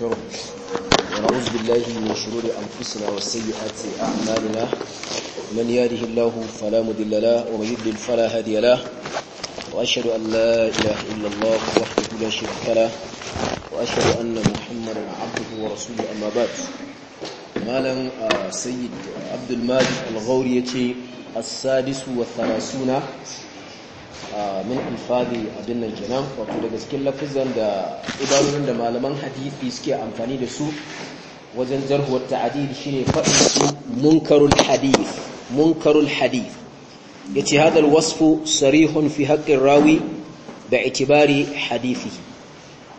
ونستغفره ونعوذ بالله من شرور أنفسنا وسيئات أعمالنا من يهده الله فلا مضل له ومن يضلل فلا هادي له وأشهد أن لا إله إلا الله وحده لا شريك له وأشهد أن محمدا عبده ورسوله أما بعد مالا سيد عبد الماجد الغوري السادس والثلاثون min alfadi abin nan kenan wato daga cikin lafizan da idanun da malaman hadisi suke amfani da su wajen jarhuwar ta'adil shine faɗin su munkarul hadith munkarul hadith yace hada alwasfu sarihun fi rawi da itibari hadisi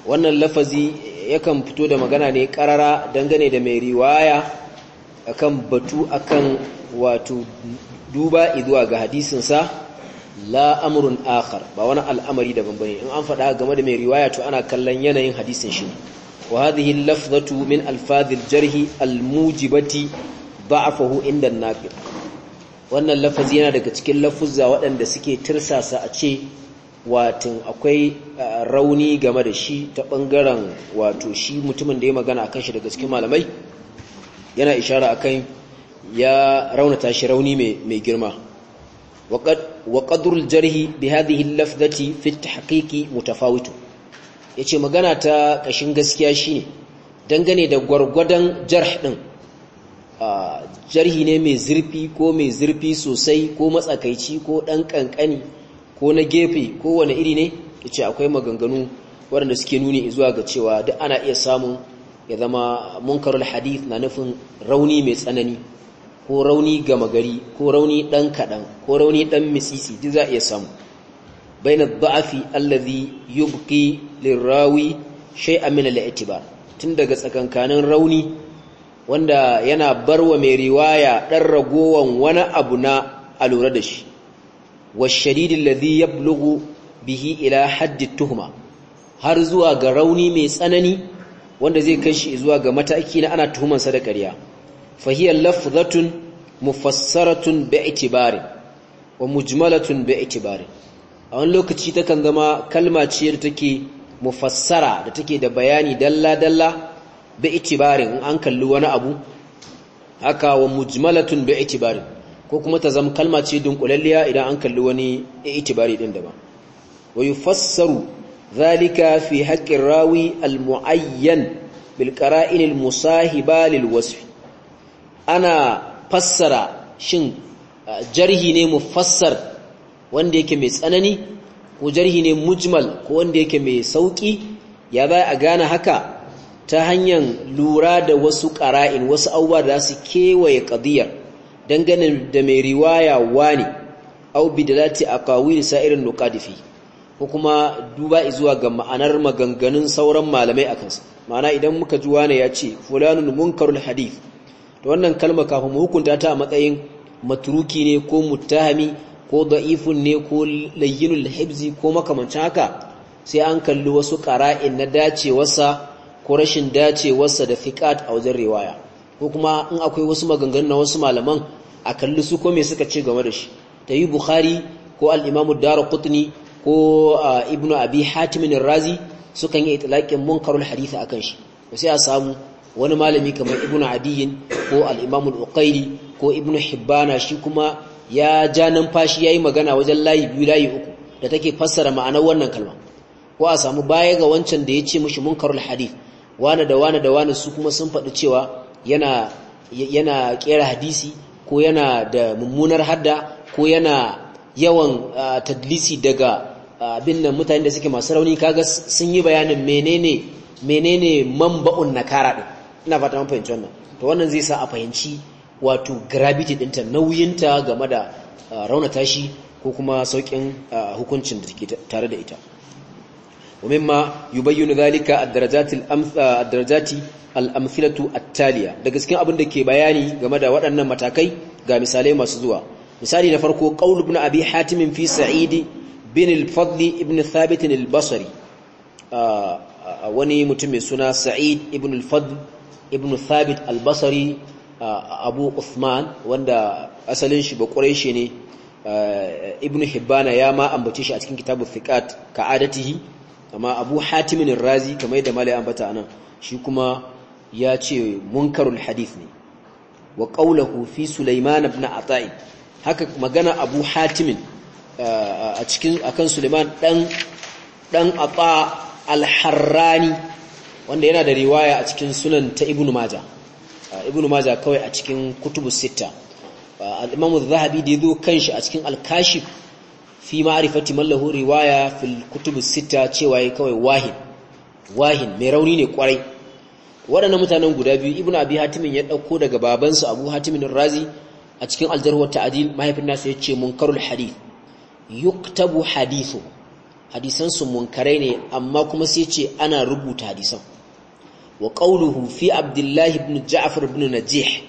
wannan lafazi yakan fito da magana ne karara dangane da mai riwaya akan batu akan wato duba izuwa ga hadisin sa la amrun akhar ba wani al'amari daban bambani in an faɗa game da mai riwaya to ana kallon yanayin hadisin shi wa hadhihi lafzatu min alfadhil jarhi almujibati da'afahu inda nafi wannan lafazi yana daga cikin lafuzza waɗanda suke tirsasa a ce watin akwai rauni game da shi ta bangaren wato shi mutumin da ya magana akan shi daga cikin malamai yana ishara akan ya raunata shi rauni mai girma وقدر الجرح بهذه اللفظة في التحقيق متفاوت yace magana ta kashin gaskiya shine dangane da gwargwadon jarh din jarhi ne mai zurfi ko mai zurfi sosai ko matsakaici ko dan kankani ko na gefe ko wani iri ne yace akwai maganganu waɗanda suke nuni zuwa ga cewa duk ana iya samun ya zama munkarul hadith na nufin rauni mai tsanani ko rauni gama gari ko rauni ɗan kaɗan ko rauni ɗan misisi duk za a iya samu baina ba'afi allazi yubqi lirawi shay'an min al-i'tibar tun daga tsakankanin rauni wanda yana bar wa mai riwaya ɗan ragowan wani abu na alura da shi washadid allazi yablughu bihi ila haddi tuhma har zuwa ga rauni mai tsanani wanda zai kai shi zuwa ga mataki na ana tuhumar sa da ƙarya fahiyar lafzatun mufassaratun bi itibari wa mujmalatun bi itibari a wani lokaci takan zama kalma ce da take mufassara da take da bayani dalla dalla bi itibari in an kalli wani abu haka wa mujmalatun bi itibari ko kuma ta zama kalma ce dunkulalliya idan an kalli wani itibari din daban wa yufassaru zalika fi haƙƙin rawi al muayyan bil qara'in al musahiba lil wasf ana fassara shin jarhi ne mufassar wanda yake mai tsanani ko jarhi ne mujmal ko wanda yake mai sauki ya za a gane haka ta hanyar lura da wasu ƙara'in wasu abubuwa da su kewaye ƙadiyar dangane da mai riwaya wani au bidalati aqawil sa'irin fi, ko kuma duba izuwa ga ma'anar maganganun sauran malamai a kansu ma'ana idan muka ji wani ya ce fulanun munkarul hadith da wannan kalma kafin mu hukunta ta a matsayin matruki ne ko muttahami ko da'ifun ne ko layyinul lahibzi ko makamancin haka sai an kalli wasu qara'in na dacewarsa ko rashin dacewarsa da fiqat a wajen rewaya ko kuma in akwai wasu maganganu na wasu malaman a kalli su ko me suka ce game da shi ta yi bukhari ko al-imamu darqutni ko ibnu abi hatim ar-razi sukan yi itlaqin munkarul hadisi akan shi sai a samu wani malami kamar Ibnu adiyin ko al-imam ko Ibnu hibbana shi kuma ya ja numfashi yi magana wajen layi biyu layi uku da take fassara ma'anar wannan kalma ko a samu baya ga wancan da ya yace mishi munkarul hadith wane da wane da wane su kuma sun faɗi cewa yana yana kera hadisi ko yana da mummunar hadda ko yana yawan tadlisi daga abin nan mutane da suke masu rauni kaga sun yi bayanin menene menene manba'un nakara din ina fata mun fahimci wannan to wannan zai sa a fahimci wato gravity dinta nauyinta game da uh, raunata shi ko kuma saukin uh, hukuncin da take tare da ita ومما يبين ذلك الدرجات الدرجات الامثله التاليه da gaskiya abin da ke bayani game da waɗannan matakai ga misalai masu zuwa misali na farko qaul ibn abi hatim fi sa'id bin al-fadl ibn thabit al-basri uh, wani mutum mai suna sa'id ibn al-fadl ibn thabit albasari uh, abu uthman wanda asalin shi ba ƙwarai ne uh, ibn hibbana ya ma ambace shi a cikin kitabu thiqat ka adatihi amma abu hatimin razi kamar yadda malai ambata anan shi kuma ya ce munkarul hadith ne wa qawluhu fi sulaiman ibn ata'i haka magana abu hatimin uh, a cikin akan sulaiman dan dan ata al-harrani wanda yana da riwaya a cikin sunan ta ibnu maja uh, ibnu maja kawai a cikin kutubu sita uh, al-imam zahabi da yazo kanshi a cikin al-kashif fi ma'rifati man riwaya fil kutubu sita cewa yayi kawai wahin wahin mai rauni ne kwarai waɗannan mutanen guda biyu ibnu abi hatimin ya ɗauko daga Babansu abu hatimin razi a cikin al-jarh wa ta'dil mahaifin nasa munkarul hadith yuktabu hadithu hadisan munkarai ne amma kuma sai ce ana rubuta hadisan wa qawluhu fi abdullahi bin ja'far bin najih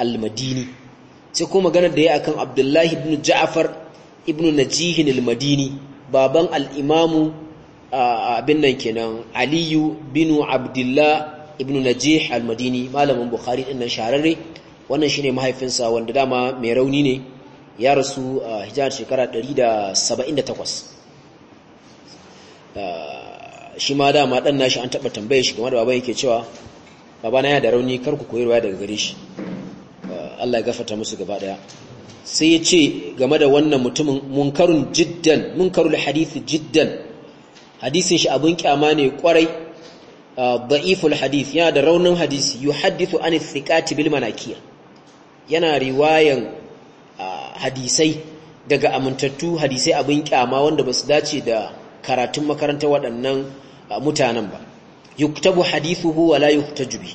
al-madini sai kuma magana da ya akan abdullahi ibn ja'far ibn najih al-madini baban al'imamu imamu abin nan kenan aliyu bin Abdullahi ibn najih al-madini malamin bukhari din nan shahararre wannan shine mahaifinsa wanda dama mai rauni ne ya rasu a hijar shekara 178 shi ma dama dan nashi an taba tambaye shi game da baban yake cewa babana ya da rauni kar ku koyarwa daga gare shi uh, Allah ya gafarta musu gaba daya sai ya ce game da wannan mutumin munkarun jiddan munkarul hadith jiddan hadisin shi abun kyama ne kwarai uh, da'iful hadith yana da raunin hadisi yuhaddithu an thiqati bil manakiya yana riwayan uh, hadisai daga amintattu hadisai abun kyama wanda basu dace da karatun makarantar waɗannan mutanen ba yuktabu hadithuhu wa la yuhtaju bi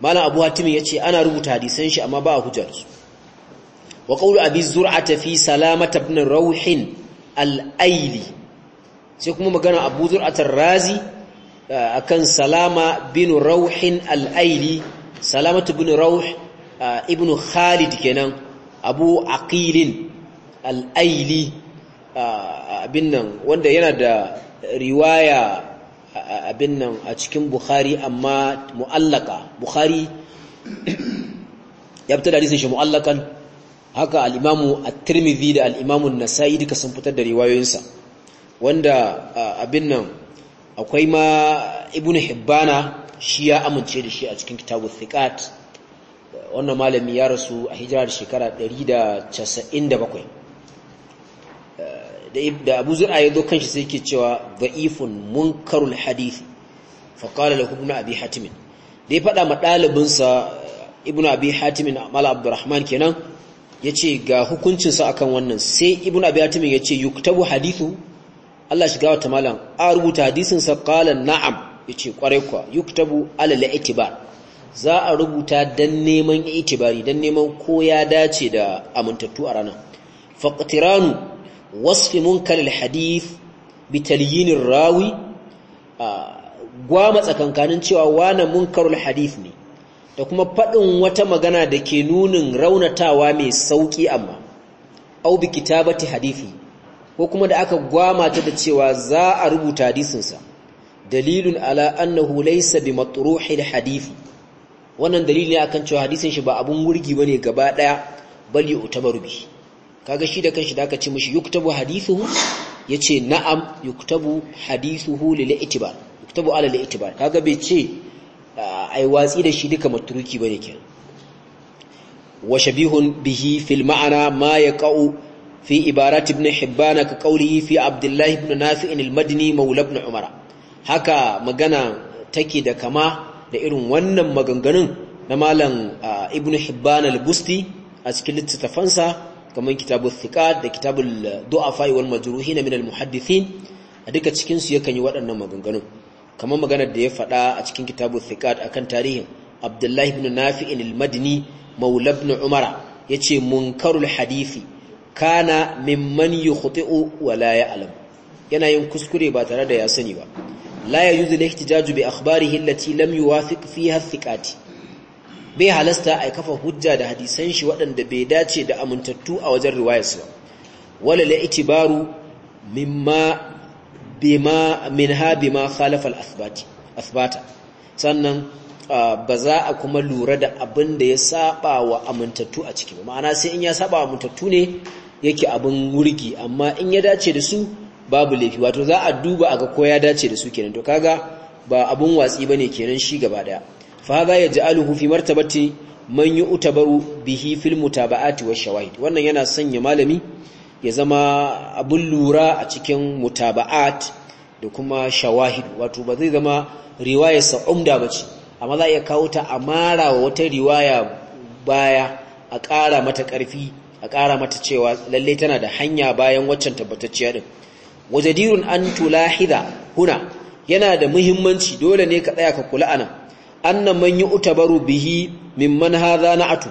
malam abu hatim yace ana rubuta hadisan shi amma ba a hujjar su wa qawlu abi zur'ata fi salamata ibn rauhin al-aili sai kuma magana abu zur'ata razi eh, akan salama bin rauhin al-aili salamatu bin rauh eh, ibn khalid kenan abu aqilin al-aili eh, abin nan wanda yana da riwaya abin nan a cikin bukhari amma mu'allaka bukhari ya fitar da hadisin shi mu'allakan haka al-imamu at-tirmidhi da al-imamu an-nasa'i duka sun fitar da riwayoyinsa wanda abin nan akwai ma ibnu hibbana shi ya amince da shi a cikin kitabu thiqat wannan malami ya rasu a hijirar shekara 197 da abu zur'a ya zo kanshi sai ke cewa da'ifun munkarul hadithi fa da ibn abi hatimin da fada ma maɗalibinsa eh, ibn abi hatimin mala abdurrahman kenan ce ga hukuncinsa a akan wannan sai ibn abi ya ce yuktabu hadithu Allah shiga wata malam a rubuta hadisin sa kala na'am yace kware kwa yuktabu itibar za a rubuta dan neman itibari dan neman ko ya dace da amintattu a ranar faqtiranu wasfi منكر الحديث بتليين الراوي rawi gwama cewa wana munkarul hadith ne da kuma faɗin wata magana da ke nunin raunatawa mai sauƙi amma au bi kitabati hadithi ko kuma da aka gwama ta da cewa za a rubuta hadisinsa dalilun ala annahu laysa bi matruhil hadithi wannan dalili ne akan cewa hadisin shi ba abun wurgi bane gaba daya bal yu'tabaru bi kaga shi da kanshi da aka ce mishi yuktabu hadithuhu yace na'am yuktabu hadithuhu lil itibar yuktabu ala lil itibar kaga bai ce ah, ai watsi da shi duka matruki bane ne. wa shabihun bihi fil ma'ana ma yaqau fi ibarat ibn hibban ka qawlihi fi abdullah ibn nafi' al madni mawla ibn Umar. haka magana take da kama da irin wannan maganganun na malam ah, ibn hibban al busti a cikin littattafansa kamar kitabu thiqat da kitabul du'afa wal majruhin min al muhaddithin a duka cikin su yakan yi waɗannan maganganun kamar maganar da ya faɗa a cikin kitabu thiqat akan tarihin abdullahi ibn nafi'in al madini maula ibn umara yace munkarul hadisi kana mimman yukhti'u wa la ya'lam yana yin kuskure ba tare da ya sani ba la yajuzu al ihtijaju bi akhbarihi allati lam yuwafiq fiha thiqati bai halasta a kafa hujja da hadisan shi waɗanda bai dace da amintattu a wajen riwayarsu ba wala la itibaru mimma bima minha bima khalafa al-athbati athbata sannan ba za a kuma lura da abin da ya saba wa amintattu a ciki ba ma'ana sai in ya saba amintattu ne yake abin wurgi amma in ya dace da su babu laifi wato za a duba a ga ko ya dace da su kenan to kaga ba abun watsi bane kenan shi gaba daya faga ya ja'aluhu fi martabati man utabaru bihi fil mutaba'ati wa shawahid wannan yana sanya malami ya zama abun lura a cikin mutaba'at da kuma shawahid wato ba zai zama riwaya sa umda ce, amma za a iya kawo ta amara wa wata riwaya baya a ƙara mata ƙarfi a ƙara mata cewa lalle tana da hanya bayan waccan tabbatacciya din wajadirun an tulahida huna yana da muhimmanci dole ne ka tsaya ka kula nan. anna man yu'tabaru bihi mimman hadha na'atu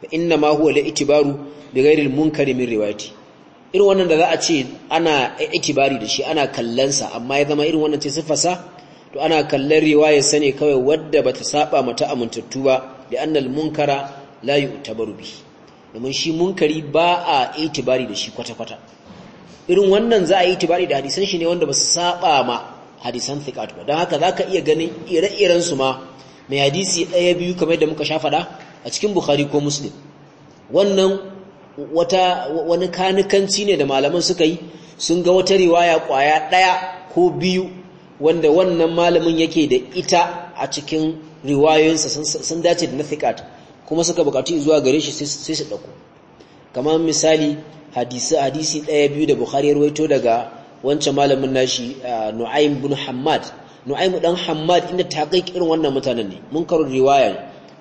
fa inna ma huwa la'itibaru bighairi al-munkari min riwayati irin wannan da za a ce ana itibari da shi ana kallansa amma ya zama irin wannan ce sifarsa to ana kallon riwayar sane kawai wadda bata saba mata amintattu ba da annal munkara la yu'tabaru bihi domin shi munkari ba a itibari da shi kwata-kwata irin wannan za a yi itibari da hadisan shi ne wanda ba su saba ma hadisan thiqat ba don haka zaka iya ganin ire-iren su ma mai hadisi ɗaya biyu kamar da muka sha faɗa a cikin bukhari ko muslim wannan wata wani kanikanci ne da malaman suka yi sun ga wata riwaya kwaya ɗaya ko biyu wanda wannan malamin yake da ita a cikin riwayoyinsa sun dace da na thiqat kuma suka buƙaci zuwa gare shi sai su ɗauko kamar misali hadisi hadisi ɗaya biyu da bukhari ya daga wancan malamin nashi uh, nu'aym bin hammad nu'aym dan hammad inda ta kai irin wannan mutanen ne mun karu riwaya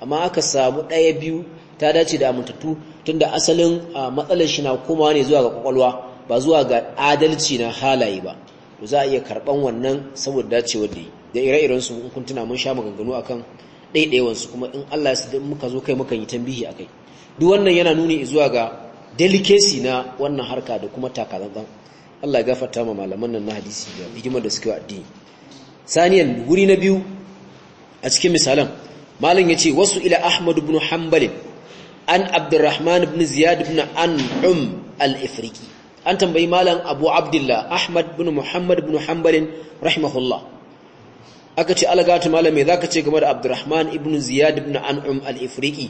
amma aka samu daya biyu ta dace da amintattu tunda asalin uh, matsalar shi na koma ne zuwa ga kwakwalwa ba zuwa ga adalci na halaye ba za a iya karban wannan saboda dacewar da yi da ire-iren su kun tuna mun sha maganganu akan ɗaiɗaiwan su kuma in Allah ya muka zo kai muka yi tambihi akai duk wannan yana nuni zuwa ga delicacy na wannan harka da kuma takazanzan Allah ya gafarta ma malaman nan na hadisi da hidimar da suke addini saniyan guri na biyu a cikin misalan malam yace wasu ila ahmad ibn hanbal an abdurrahman ibn ziyad ibn an'um al-ifriqi an tambayi malam abu abdullah ahmad ibn muhammad ibn hanbal rahimahullah aka ce alagatu malam me zaka ce game da abdurrahman ibn ziyad ibn an'um al-ifriqi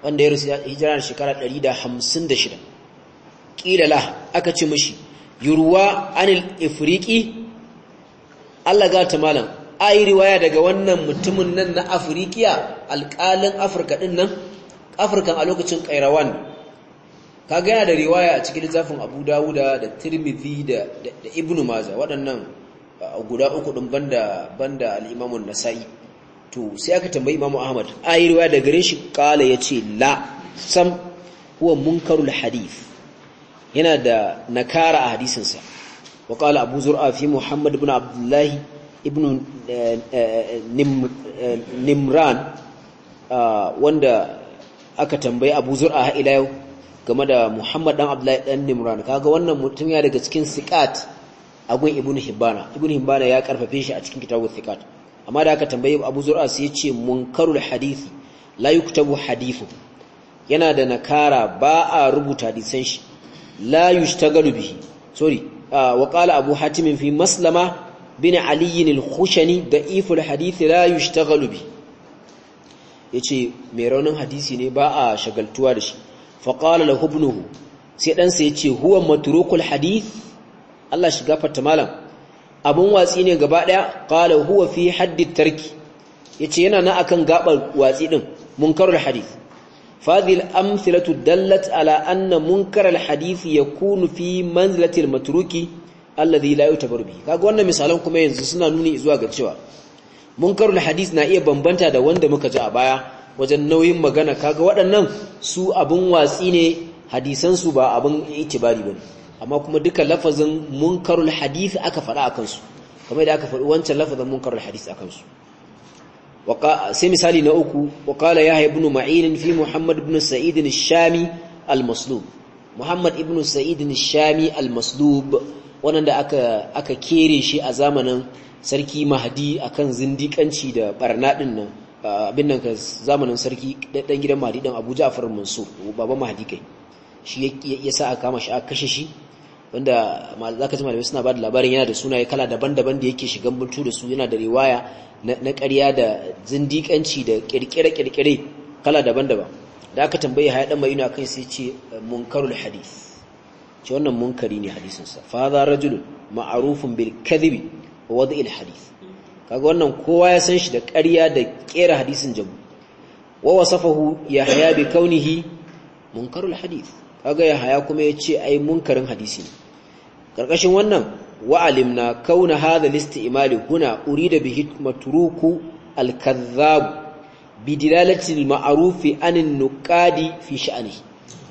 wanda ya rusa hijira shekara 156 kila la aka ce mishi yurwa anil ifriqi Allah ga ta malam ai riwaya daga wannan mutumin nan na afirikiya alƙalin afirka ɗin nan afirkan a lokacin kairawan kaga yana da riwaya a cikin zafin abu dawuda da tirmidhi da, da, ibnu maza waɗannan guda uku ɗin banda, banda al'imamun nasa'i to sai aka tambayi imamu ahmad ayi riwaya da gare shi kala ya ce la sam huwa munkarul hadith yana da nakara a hadisinsa wa kala abu zur'a fi muhammad ibn abdullahi ibn eh, eh, eh, nimran ah, wanda aka tambayi abu zur'a ila yau game da muhammad dan abdullahi dan nimran kaga wannan mutum ya daga cikin siqat agun ibn hibana ibn hibana ya karfafe shi a cikin kitabun siqat amma da aka tambayi abu zur'a sai ya ce munkarul hadisi la yuktabu hadithu yana da nakara ba a rubuta hadisan shi la yushtagalu abu hatim fi maslama bin ali al-khushani da'if al-hadith la yace mai raunin hadisi ne ba a shagaltuwa da shi fa qala lahu sai ɗansa sa yace huwa matrukul hadith Allah shiga fatta malam abun watsi ne gaba ɗaya ƙala huwa fi haddi tarki yace yana na akan gabar watsi ɗin munkarul hadith فهذه الأمثلة دلت على أن منكر الحديث يكون في منزلة المتروك الذي لا يعتبر به kaga wannan misalan kuma yanzu suna nuni zuwa ga cewa munkarul hadith na iya bambanta da wanda muka ji a baya wajen nauyin magana kaga waɗannan su abun watsi ne hadisan su ba abun itibari bane amma kuma duka lafazin munkarul hadith aka faɗa akan su kamar da aka faɗi wancan lafazin munkarul hadith akan su sai misali na uku يا ابن yahya في محمد بن muhammad ibn المصلوب محمد shami سعيد الشامي muhammad ibn sa'id shami wanda aka aka kere shi a zamanin sarki mahdi akan zindikanci da barna din nan abin nan ka zamanin sarki dan gidan mahdi dan abuja afar mansur baba mahdi kai shi ya sa aka kama shi aka kashe shi wanda ka ji malamai suna bada labarin yana da sunaye kala daban-daban da yake shigan buntu da su yana da riwaya na ƙarya da zindiƙanci da ƙirƙire-ƙirƙire kala daban-daban da aka tambaye haya dan mayuna kai sai ce munkarul hadith ce wannan munkari ne hadisin sa fa za rajulun ma'arufin bil kadhibi wa wad'il hadith kaga wannan kowa ya san shi da ƙarya da ƙera hadisin jabu wa wasafahu yahya bi kaunihi munkarul hadis kaga ya haya kuma ya ce ai munkarin hadisi ne Ƙarƙashin wannan wa'alimna kauna hadha listi'mali huna urida da matruku al-kadhdhab bidilalati al ma'arufi anin nuƙadi fi sha'ani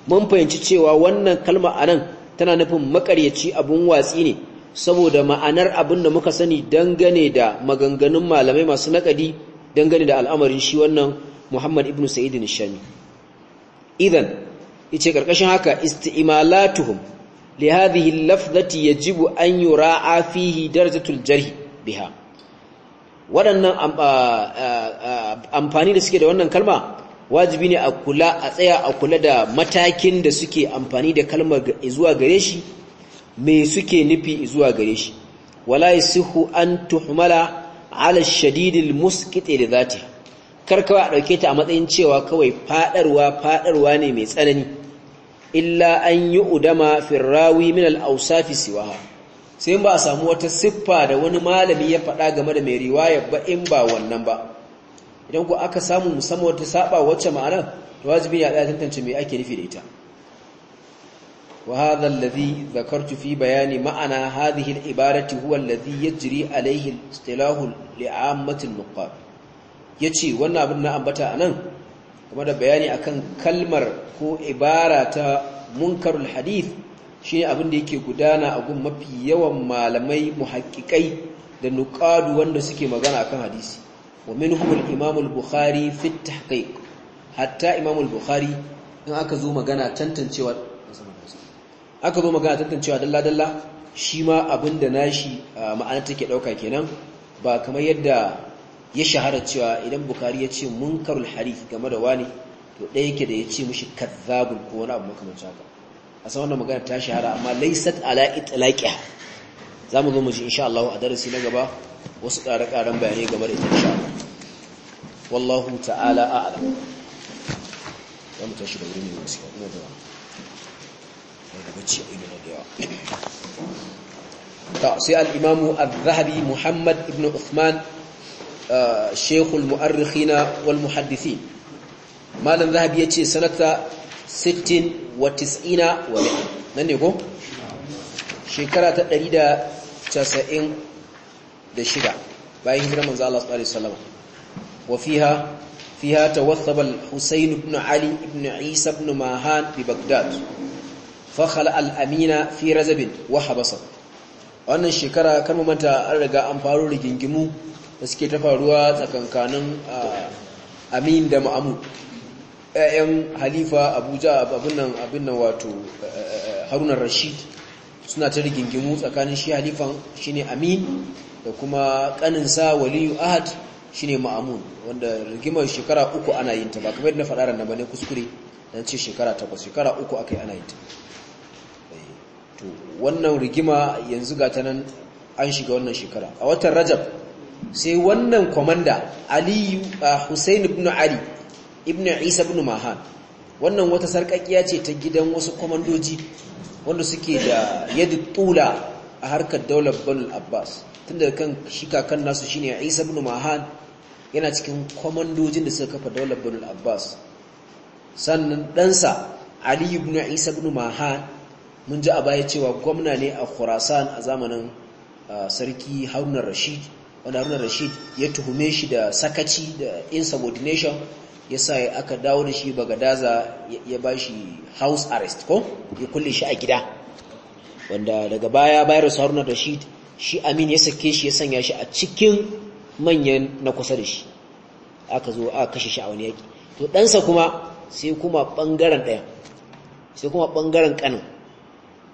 mun fahimci cewa wannan kalma anan tana nufin makaryaci abun watsi ne saboda ma'anar abin da muka sani dangane da maganganun malamai masu nakadi dangane da al'amarin shi wannan Muhammad ibn Sa'id al-Shami idan yace karkashin haka isti'malatuhum li hadhihi al-lafzati yajibu an yura'a fihi darajatul jarh biha waɗannan amfani da suke da wannan kalma wajibi ne a kula a tsaya a kula da matakin da suke amfani da kalmar zuwa gare shi me suke nufi zuwa gare shi wala yasihu an tuhmala ala al-musqit li dhati karkawa dauke ta a matsayin cewa kawai fadarwa fadarwa ne mai tsanani illa an yi udama firrawi min al'ausafi siwa sai ba a samu wata siffa da wani malami ya faɗa game da mai riwaya ba in ba wannan ba idan ku aka samu musamman wata saba wacce ma'ana da wajibi ya ɗaya tantance mai ake nufi da ita wa hadha alladhi dhakartu fi bayani ma'ana hadhihi al-ibarati huwa alladhi yajri alayhi al-istilahu li'ammatil nuqab yace wannan abin na ambata anan kuma da bayani akan kalmar ko ibara ta munkarul hadith shine abin da yake gudana a gun mafi yawan malamai muhaqqiqai da nuƙadu wanda suke magana akan hadisi wa minhum al-imam al-bukhari fi tahqiq hatta imam al-bukhari in aka zo magana tantancewa aka zo magana tantancewa dalla dalla shi ma abin da nashi ah, ma'ana take dauka kenan ba kamar yadda ya shahara cewa idan bukari ya ce munkarul harif game da wani to ɗaya yake da ya ce mishi kazzabun ko wani abu makamancin haka a san wannan magana ta shahara amma laysat ala itlaqiha za mu zo mu ji insha Allah a darasi na gaba wasu ƙare-ƙaren bayanai game da ita insha Allah wallahu ta'ala a'lam za mu tashi da wuri ne wasu ina da da bacci a ina da yawa ta sai al-imamu al-zahabi muhammad ibn uthman shekul mu'arrikhina wal muhaddisi malam zahabi ya ce sanata 60 wa 90 wa nan ne ko shekara ta 196 bayan hijirar manzo Allah sallallahu alaihi wasallam wa fiha fiha tawathaba al-Husayn ibn Ali ibn Isa ibn Mahan bi Baghdad fa khala al-Amina fi Razab wa habasa wannan shekara kan manta an riga an faro rigingimu da suke ta faruwa tsakankanin ah, amin da ma'amu ƴaƴan halifa abuja abinnan abinnan wato eh, haruna rashid suna ta rigingimu tsakanin shi halifan shine amin da kuma kaninsa waliyu ahad shine ma'amun wanda rigimar shekara uku ana yin ta ba kamar yadda na faɗa ba bane kuskure dan ce shekara takwas shekara uku yi ana yin ta eh, to wannan rigima yanzu ga ta nan an shiga wannan shekara a watan rajab sai wannan komanda aliyu uh, Hussein ibn Ali ibn Isa ibn Mahan wannan wata sarkakiya ce ta gidan wasu komandoji wanda suke da yadda tula a harkar daular Banul Abbas tun daga kan shika kan nasu shine Isa ibn Mahan yana cikin komandojin da suka kafa daular Banul Abbas sannan ɗansa Ali ibn Isa ibn Mahan mun ji a baya cewa gwamna ne a Khurasan a zamanin uh, sarki Harun Rashid wanda haruna rashid ya tuhume shi da sakaci da insubordination ya sa aka dawo da shi daza ya ba shi house arrest ko ya kulle shi a gida wanda daga baya bayar da haruna rashid shi amin ya sake shi ya sanya shi a cikin manyan na kusa da shi aka zo aka kashe shi a wani yaki to ɗansa kuma sai kuma ɓangaren ɗaya sai kuma ɓangaren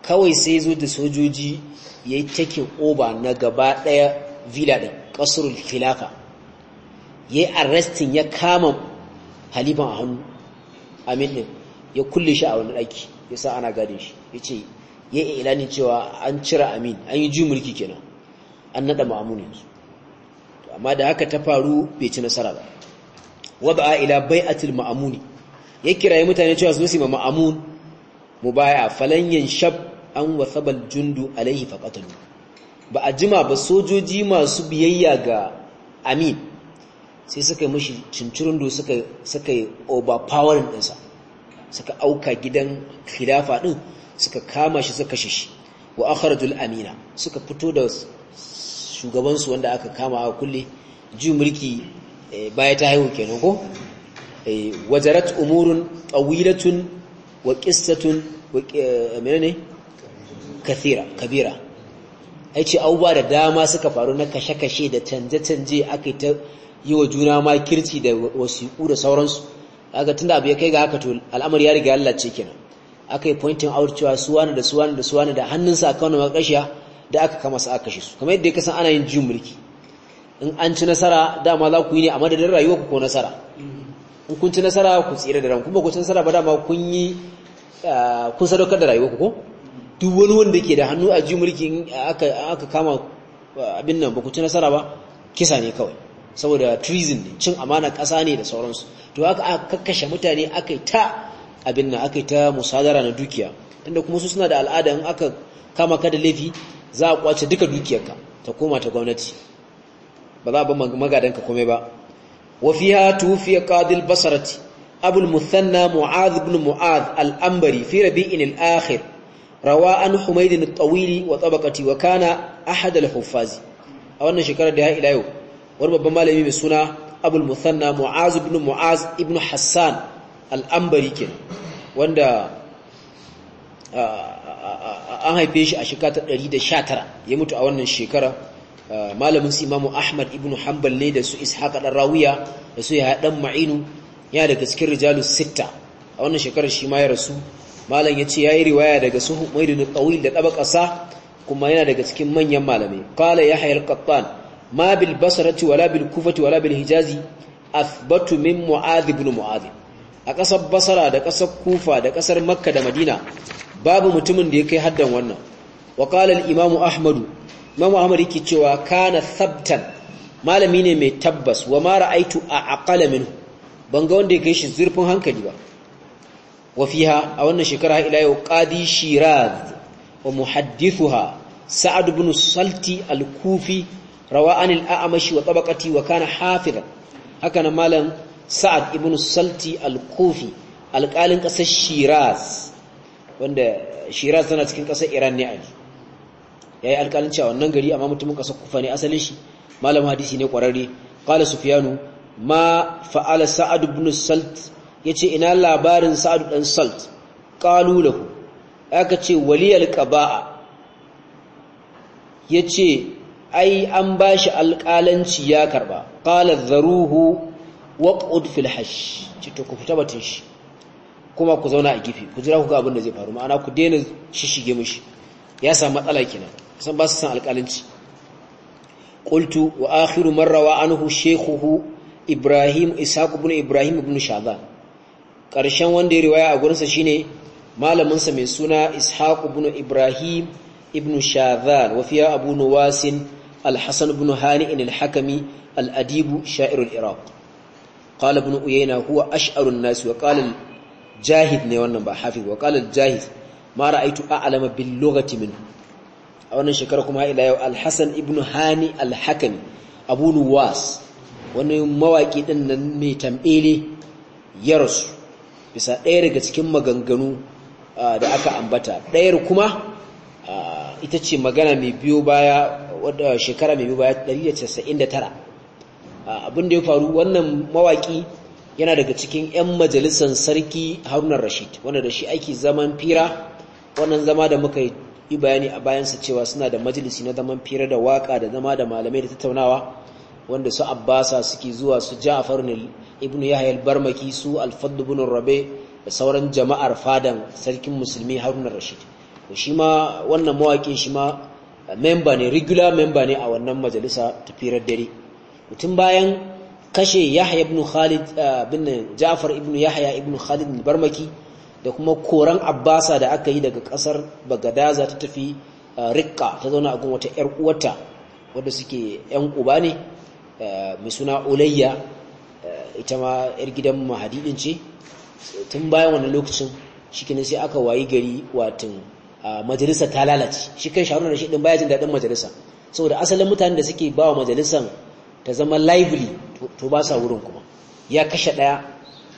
kawai sai zo da sojoji ya yi takin oba na gaba ɗaya villa ɗin kasrul khilafa yi arrestin ya kama halifan a hannu amin din ya kulle shi a wani daki sa ana gadin shi ya ce ya yi ilanin cewa an cira amin an yi ju mulki kenan an naɗa ma'amun su. amma da haka ta faru bai ci nasara ba wada'a ila bai'atil ma'amuni ya kiraye mutane cewa su ma ma'amun baya falan shab an wasabal jundu alaihi faqatalu ba a jima ba sojoji masu biyayya ga amin sai suka mishi cincirindo suka yi overpowering ɗinsa suka auka gidan khilafa ɗin suka kama shi suka kashe shi wa akhrajul amina suka fito da shugabansu wanda aka kama a kulle ji mulki eh, baya ta haihu kenan ko eh, wajarat umurun tawilatun wa qissatun eh, menene kathira kabira ya ce abubuwa da dama suka faru na kashe-kashe da canje-canje aka yi ta yi wa juna ma kirci da wasiƙu da sauransu aka tunda abu ya kai ga haka to al'amari ya riga Allah ce kenan aka yi pointin out cewa suwana da suwana da suwana da hannunsa aka wani makashiya da aka kama su aka kashe su kamar yadda ya kasan ana yin jin mulki in an ci nasara dama za ku yi ne a madadin rayuwa ku ko nasara in kun ci nasara ku tsira da ran ba ku ci nasara ba dama kun yi ah, kun sadaukar da rayuwa ku ko duk wanda ke da hannu a ji mulki aka kama uh, abin nan ba nasara ba kisa ne kawai saboda treason ne cin amana kasa ne da sauransu to aka aka mutane aka ta abin nan aka ta musadara na dukiya tunda kuma su suna da al'ada in aka kama ka da laifi za a kwace duka dukiyarka ta koma ta gwamnati ba za a ba magadanka komai ba wa fiha tufiya qadil basarati abul muthanna mu'adh ibn mu'adh al-anbari fi rabi'in al-akhir rawa an humaydin na tawili wa tabaqati wa kana ahad al-huffaz a wannan shekarar da ya ila yau wani babban malami mai suna abul musanna mu'az ibn mu'az ibn hassan al-anbari wanda an haife shi a shekara ta 119 ya mutu a wannan shekara malamin su imamu ahmad ibn hanbal ne da su ishaq dan rawiya da su ya dan ma'inu ya daga cikin rijalus sitta a wannan shekarar shi ma ya rasu malam ya ce ya yi riwaya daga suhu muridin qawil da kasa kuma yana daga cikin manyan malamai qala yahya al-qattan ma bil basrati wala bil kufati wala bil hijazi athbatu min mu'adh ibn mu'adh a kasar basara da kasar kufa da kasar makka da madina babu mutumin da ya kai haddan wannan wa qala al-imam ahmad imam ahmad yake cewa kana thabtan malami ne mai tabbas wa ma ra'aitu a aqala minhu ban ga wanda ya kai shi zurfin hankali ba wafiha a wannan shekara ila yau qadi shiraz wa ha sa'ad ibn salti al-kufi rawa'an al-a'mash wa tabaqati wa kana hafiz haka nan malam sa'ad ibn salti al-kufi alqalin qasar shiraz wanda shiraz tana cikin kasar iran ne aji yayi alqalin cewa wannan gari amma mutumin kasar kufa ne asalin shi malam hadisi ne kwararre qala sufiyanu ma fa'ala sa'ad ibn salti yace ina labarin sa'adu ɗan salt ƙalulahu? lahu aka ce ƙaba'a. Ya yace ai an bashi alƙalanci ya karba qala zaruhu waq'ud fil hash to ku fita batun shi kuma ku zauna a gifi ku jira ku ga da zai faru ma'ana ku daina shishige mishi ya samu matsala kenan san ba su san alƙalanci qultu wa akhiru marra anhu shaykhuhu ibrahim ishaq ibn ibrahim ibn shaban ƙarshen wanda ya riwaya a gurinsa shine malaminsa mai suna ishaku bin ibrahim ibn shadhan wa fiya abu nuwasin al-hasan ibn hani'in alhakami al'adibu al sha'irul iraq qala bin uyayna huwa ash'arun nas wa qala jahid ne wannan ba hafiz wa qala jahid ma ra'aytu a'lama bil lughati min a wannan shekara kuma ila yau alhassan ibn hani alhakami hakami abu nuwas wani mawaki din nan mai tambele ya rasu bisa ɗaya daga cikin maganganu da aka ambata ɗayar kuma ita ce magana mai biyo baya wadda shekara mai biyo baya 199 abin da ya faru wannan mawaki yana daga cikin 'yan majalisar sarki harunan rashid wanda da shi aiki zaman fira wannan zama da muka yi bayani a bayansa cewa suna da majalisi na zaman fira da waka da zama da malamai da tattaunawa wanda su abbasa suke zuwa su ja'far ibn yahya al-barmaki su al-fadl ibn rabi da sauran jama'ar fadan sarkin musulmi harun rashid to shi ma wannan mawakin shi ma member ne regular member ne a wannan majalisa ta firar dare mutum bayan kashe yahya ibn khalid eh, bin ja'far ibn yahya ibn khalid al-barmaki da kuma koran abbasa da aka yi daga kasar bagadaza ta tafi eh, rikka ta zauna a gun wata yar uwata wadda suke yan uba ne Eh, mai suna olayya eh, ita ma yar gidan mahadi ɗin ce tun bayan wani lokacin shikenan sai aka wayi gari watan majalisa ta lalace shi kan da shi din bayan jin daɗin majalisa saboda asalin mutane da suke ba wa majalisan ta zama lively to ba sa wurin kuma ya kashe ɗaya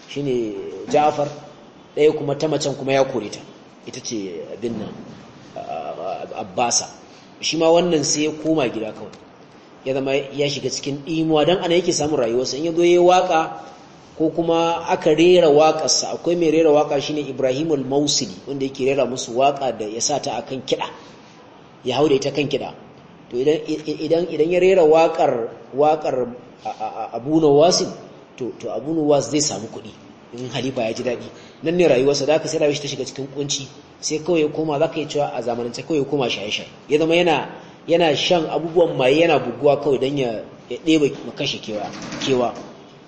shi ne Ja'far ɗaya kuma ta macen kuma ya kore ta ita ce nan Abbasa shi ma wannan sai ya koma gida kawai ya zama ya shiga cikin ɗimuwa don ana yake samun rayuwarsa in ya zo ya waka ko kuma aka rera waƙarsa akwai mai rera waƙa shine ibrahim al-mausili wanda yake rera musu waƙa da ya sa ta a kan kiɗa ya hau da kan kiɗa to idan ya rera waƙar waƙar abu nawasin to abu nawas zai samu kuɗi in halifa ya ji daɗi nan ne rayuwarsa da aka sai rayuwar ta shiga cikin kunci sai kawai ya koma za ka yi cewa a zamanance kawai ya koma shaye-shaye ya zama yana yana shan abubuwan maye yana buguwa kawai don ya ɗeba kashe kewa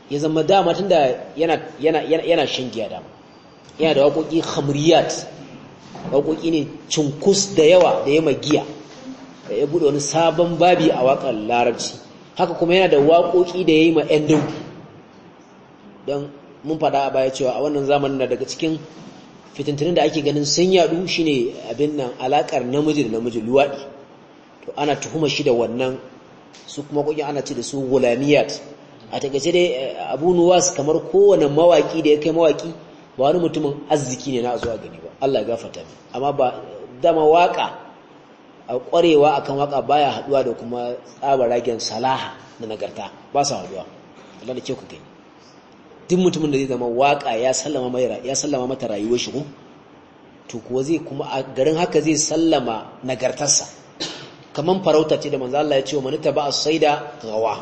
ya zama dama tun da yana shan giya dama yana da waƙoƙi hamriyat waƙoƙi ne cinkus da yawa da ya magiya ya buɗe wani sabon babi a waƙar larabci haka kuma yana da waƙoƙi da ya yi ma 'yan daudu don mun faɗa a baya cewa a wannan zamanin na daga cikin fitintunin da ake ganin sun yaɗu shine abin nan alaƙar namiji da namiji luwaɗi to ana tuhuma shi da wannan su kuma kogin ana ce da su gulamiyat a takaice dai eh, abu nuwas kamar kowane mawaki da ya kai mawaki ba wani mutumin arziki ne na zuwa gani ba Allah ya gafarta ne amma ba dama waka a kwarewa akan waka baya haduwa da kuma tsaba ragen salaha da nagarta ba sa haduwa Allah da ke ku gani duk mutumin da zai zama waka ya sallama mai ya sallama mata rayuwar shi to kuwa zai kuma a garin haka zai sallama nagartarsa kaman farauta ce da manzo Allah ya ce wa man taba'a saida gawa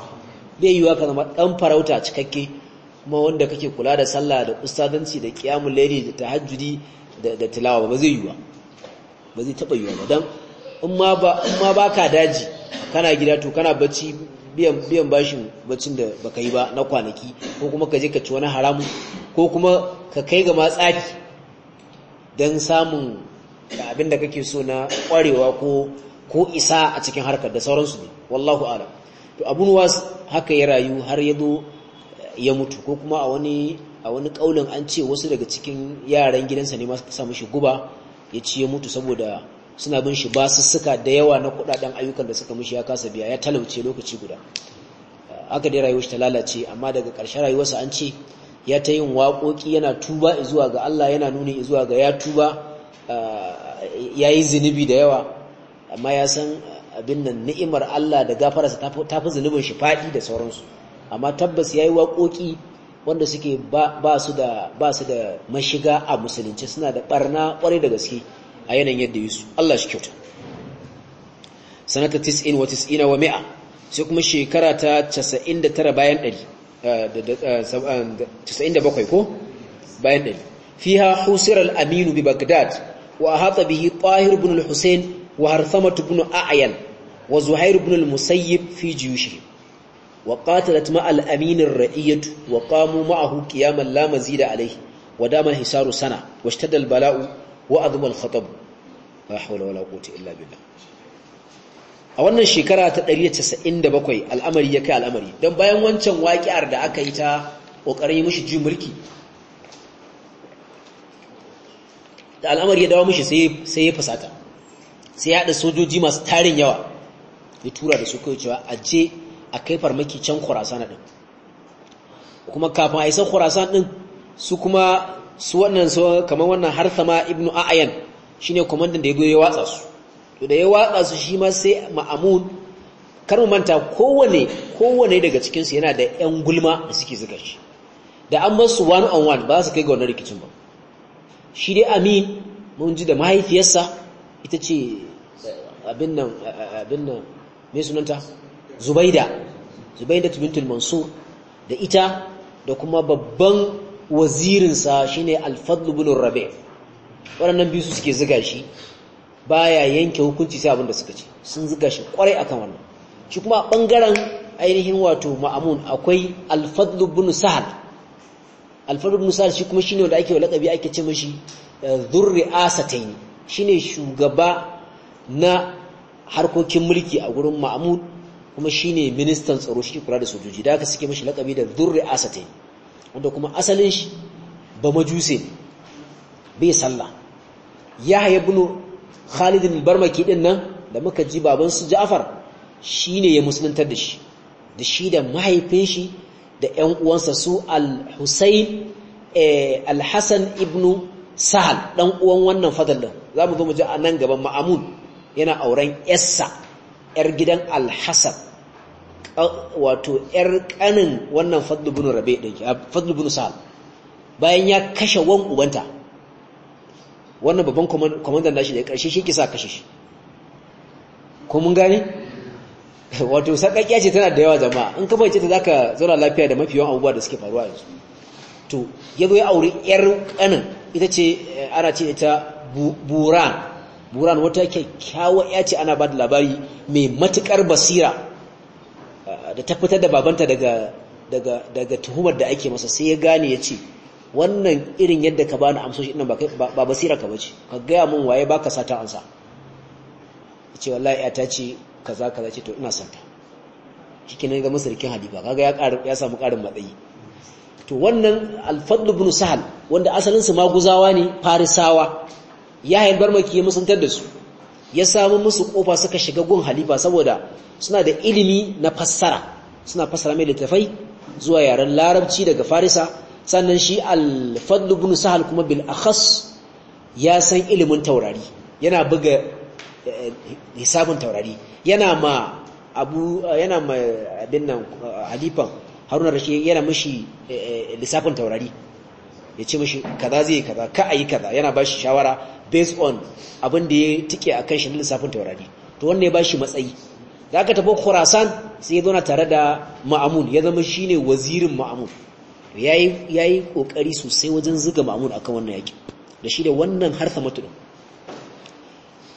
bai yiwa ka zama dan farauta cikakke kuma wanda kake kula da sallah da ustadanci da qiyamul layli da tahajjudi da da tilawa ba zai yiwa ba zai taba yiwa ba dan in ma ba in baka daji kana gida to kana bacci biyan biyan bashin baccin da baka yi ba na kwanaki ko kuma ka je ka ci wani haramu ko kuma ka kai ga matsaki dan samun abin da kake so na kwarewa ko ko isa a cikin harkar da sauransu ne wallahu alam to abun was haka ya rayu har ya zo ya mutu ko kuma a wani a wani kaulin an ce wasu daga cikin yaran gidansa ne masu samu shi guba ya ci ya mutu saboda suna bin shi basussuka da yawa na kudaden ayyukan da suka mishi ya kasa biya ya talauce lokaci guda aka dai rayuwar ta lalace amma daga ƙarshen rayuwarsa an ce ya ta yin waƙoƙi yana tuba zuwa ga Allah yana nuni zuwa ga ya tuba ah, ya yi zunubi da yawa amma ya san abin nan ni'imar Allah da gafararsa ta fi zunubin shi faɗi da sauransu amma tabbas ya yi waƙoƙi wanda suke ba su da ba su da mashiga a musulunci suna da barna ƙwarai da gaske a yanayin yadda yi su Allah shi kyauta sanata 90 wa 90 wa mi'a sai kuma shekara ta tara bayan eh, eh, eh, da bakwai ko bayan ɗari fiha husirar aminu amin bi bagdad wa ahata bihi tahir bin al-husayn wa harsamatu ibn a'yan wa zuhair ibn al-musayyib fi jiyushi wa qatalat ma al-amin ar-ra'iyyah wa qamu ma'ahu qiyaman la mazida alayhi wa dama hisaru sana wa ishtadda a wannan shekara ta 197 al'amari ya kai al'amari don bayan wancan waƙiyar da aka yi ta kokarin mishi ji mulki da al'amari ya dawo mishi sai ya fusata sai ya haɗa sojoji masu tarin yawa ya tura da su kai cewa a je a kai farmaki can khurasan ɗin kuma kafin a isa khurasan ɗin su kuma su wannan su kamar wannan har sama ibnu a'yan shine komandan da ya goye watsa su to da ya watsa su shi ma sai ma'amun karmu manta kowane kowane daga cikinsu yana da yan gulma da suke zuga shi da an basu su one on one ba su kai ga wannan rikicin ba shi dai amin mun ji da mahaifiyarsa ita ce abin nan sunanta Zubaida Zubaida bintul da ita da kuma babban wazirinsa shine Al-Fadl ibn waɗannan biyu suke ziga shi baya yanke hukunci sai abin da suka ce sun ziga shi kwarai akan wannan shi kuma bangaren ainihin wato Ma'mun akwai Al-Fadl ibn Sahal Al-Fadl ibn Sahal shi kuma shine wanda ake wa ake ce mishi eh, dhurri asatayn shine shugaba na harkokin mulki a gurin Ma'amud kuma shi ne ministan tsaro shi kula da sojoji da aka suke mashi lakabi da zurri asate wanda kuma asalin shi ba majuse ne bai sallah ya haye khalid khalidin barmaki din nan da muka ji baban su ja'far ne ya musuluntar da shi da shi da mahaifin shi da ƴan uwansa su al-husayn eh, al-hasan ibn sahal dan uwan wannan fadalin Za mu zo mu ji a nan gaban ma'amun yana auren yassa yar gidan alhassan wato yar kanin wannan fadlu bin rabe din fadlu bin sahal bayan ya kashe wan ubanta wannan babban kwamandan nashi da karshe shi kisa kashe shi ko mun gane wato sakakkiya ce tana da yawa jama'a in ka bace ta zaka zauna lafiya da mafiyan abubuwa da suke faruwa yanzu to yazo ya aure yar kanin ita ce eh, ana ce ita buran buran wata kyakkyawa ya ce ana ba da labari mai matukar basira ah, da ta fitar da babanta daga tuhumar da ake masa sai ya gane ya ce wannan irin yadda ka bani amsoshi ɗin ba basira ka bace ka gaya min waye ba ka sata ansa ya ce wallahi ya ta ce kaza kaza ce to ina santa shi ne ga masarkin hadifa kaga ya ya samu ƙarin matsayi to wannan alfadlu bin sahal wanda asalinsu su maguzawa ne farisawa yahya barmaki ya musuntar da su ya samu musu kofa suka shiga gun halifa saboda suna da ilimi na fassara suna fassara mai littafai zuwa yaren larabci daga farisa sannan shi alfadlu bin sahal kuma bil akhas ya san ilimin taurari yana buga eh, hisabun taurari yana ma abu yana ma abin nan halifan haruna rashi yana mishi eh, eh, lissafin taurari ya ce mashi kaza zai kaza ka yi kaza yana ba shi shawara based on abin da ya tike a kan shi na lissafin taurari to wannan ya ba shi matsayi da aka tafi khurasan sai ya na tare da ma'amun ya zama shine wazirin ma'amun ya yi kokari sosai wajen zuga ma'amun akan wannan yaki da shi da wannan harthama tudun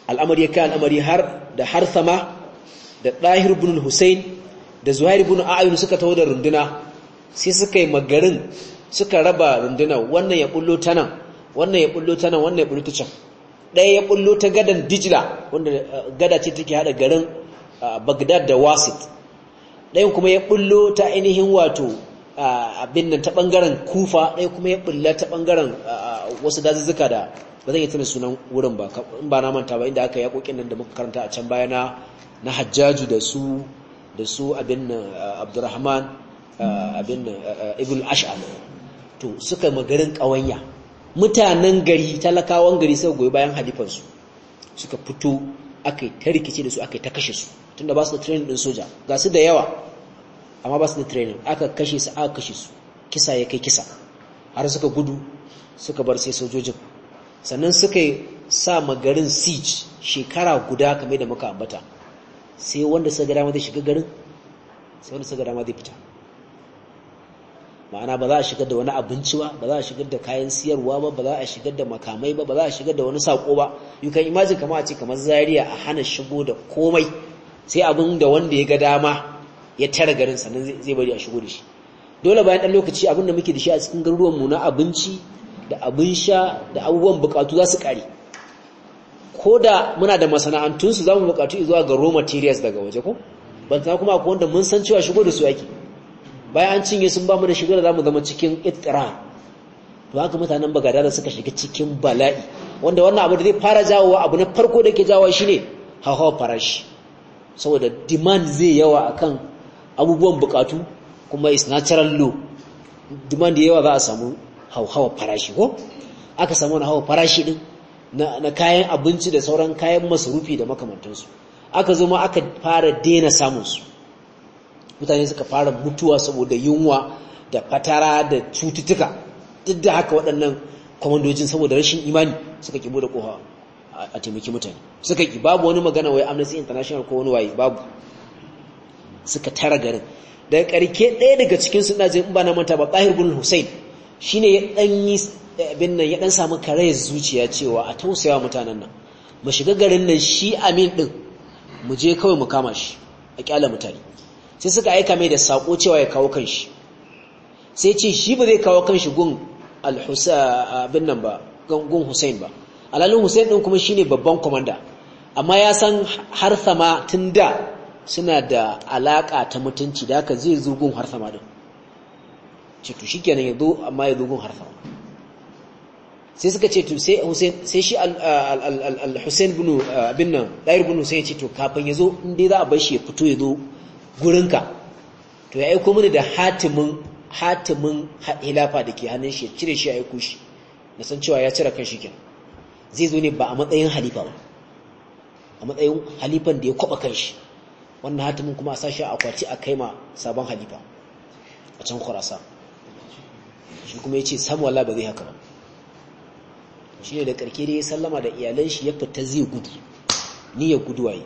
al'amari ya kai al'amari har da harsama da ɗahir bin hussein da zuhair bin a'ayun suka taho da runduna sai suka yi magarin suka raba rundunar wannan ya bullo ta nan wannan ya bullo ta nan wannan ya bullo ta can ɗaya ya bullo ta gadan dijila wanda uh, gada ce take hada garin uh, bagdad da wasit ɗayan kuma ya bullo ta ainihin wato uh, abin nan ta ɓangaren kufa ɗaya kuma ya bulla ta ɓangaren wasu dazuzzuka da ba zan yi tana sunan wurin ba in ba na manta ba inda aka yaƙoƙin nan da muka karanta a can baya na na hajjaju da su da su abin abdurrahman abin ibn ash'al to suka magarin ƙawanya mutanen gari talakawan gari suka goyi bayan halifansu suka fito aka yi ta rikice da su aka yi ta kashe su tunda ba su da training din soja ga su da yawa amma ba su da training aka kashe su aka kashe su kisa ya kai kisa har suka gudu suka bar sai sojojin sannan suka sa magarin siege shekara guda kamar da muka ambata sai wanda suka ga dama zai shiga garin sai wanda suka ga dama zai fita ma'ana ba za a shigar da wani abinci ba ba za a shigar da kayan siyarwa ba ba za a shigar da makamai ba ba za a shigar da wani sako ba you can imagine kamar a ce kamar zaria a hana shigo da komai sai abin da wanda ya ga dama ya tara garin sannan zai bari a shigo da shi dole bayan dan lokaci abin da muke da shi a cikin garuruwan mu na abinci da abin sha da abubuwan bukatu za su kare ko da muna da masana'antun su za mu bukatu zuwa ga raw materials daga waje ko ban kuma akwai wanda mun san cewa shigo da su yake bayan an cinye sun ba mu da shiga da zamu zama cikin ittira to haka mutanen bagada da suka shiga cikin bala'i wanda wannan abu da zai fara jawowa abu na farko da ke shi ne hawa farashi saboda demand zai yawa akan abubuwan bukatu kuma is natural law demand da yawa za a samu hawa farashi ko aka samu na hawa farashi din na kayan abinci da sauran kayan masarufi da makamantansu aka zo ma aka fara daina su. mutane suka fara mutuwa saboda yunwa da fatara da cututtuka duk da haka waɗannan kwamandojin saboda rashin imani suka ki bude kofa a taimaki mutane suka ki babu wani magana wai amnesty international ko wani waye babu suka tara garin daga karke ɗaya daga cikin su in ba na manta ba Tahir bin Hussein shine ya ɗan yi eh, abin nan ya ɗan samu karayar zuciya cewa a tausayawa mutanen nan mu shiga garin nan shi Amin ɗin, mu je kawai mu kama shi a kyala mutane sai suka aika mai da sako cewa ya kawo kanshi sai ce shi ba zai kawo kanshi gun abin nan ba gun Hussein ba alhalin Hussein din kuma shine babban komanda amma ya san harsama tun da suna da alaka ta mutunci da haka zai zo gun harsama din cutu shi kenan ya zo amma ya zo gun harsama sai suka ce to sai Hussein sai shi al-Hussein bin nan ɗayar bin Hussein ya ce to kafin ya zo inda za a bar shi ya fito ya zo gurinka to ya aiko mini da hatimin hatimin hilafa da ke hannun shi ya cire shi ya aiko shi na san cewa ya cire kan shi kenan zai zo ne ba a matsayin halifa ba a matsayin halifan da ya kwaba kan shi wannan hatimin kuma a sashi a kwati a kai ma sabon halifa a can kurasa shi kuma ya ce sam wala ba zai haka ba shi ne da karke da ya sallama da iyalan shi ya fita zai gudu ni ya gudu yi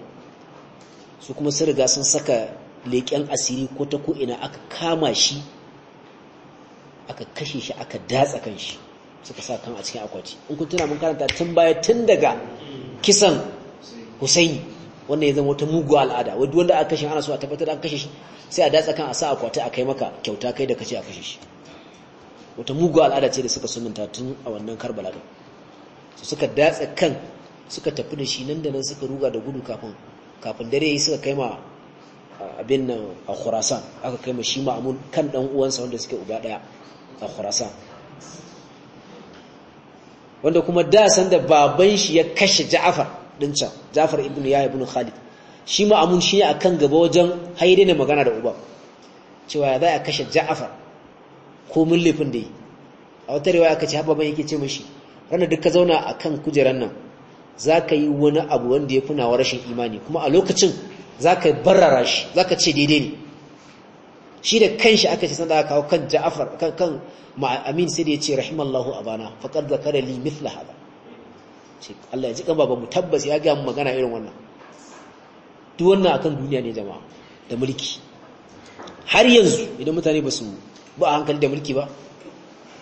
su kuma sun riga sun saka leƙen asiri ko ta ko'ina aka kama shi aka kashe shi aka datsa kan shi suka sa kan a cikin akwati in kun tuna mun karanta tun baya tun daga kisan Husaini wannan ya zama wata mugu al'ada wadda wanda aka kashe ana so a tabbatar da an kashe shi sai a datsa kan a sa akwati a kai maka kyauta kai da kace a kashe shi wata mugu al'ada ce da suka sunanta tun a wannan Karbala din suka datsa kan suka tafi da shi nan da nan suka ruga da gudu kafin kafin dare suka kai ma abin nan a khurasan aka kai ma shi ma'amun kan dan uwansa wanda suke uba daya a khurasan wanda kuma da san da baban shi ya kashe ja'far din can ja'far ibnu yahya ibnu khalid shi ma'amun shi ne akan gaba wajen haire ne magana da uba cewa za a kashe ja'far ko mun lifin da yi a wata riwaya aka ce haba ban yake ce mishi ranar duka zauna akan kujeran nan za ka yi wani abu wanda ya fi nawa rashin imani kuma a lokacin za ka barara shi za ce daidai ne shi da kanshi aka ce sanda kawo kan ja'afar kan kan ma'amin sai da ya ce rahimallahu abana faqad zakara li mithla hada ce Allah ya ji kan babanmu tabbas ya ga mu magana irin wannan duk wannan akan duniya ne jama'a da mulki har yanzu idan mutane ba su ba a hankali da mulki ba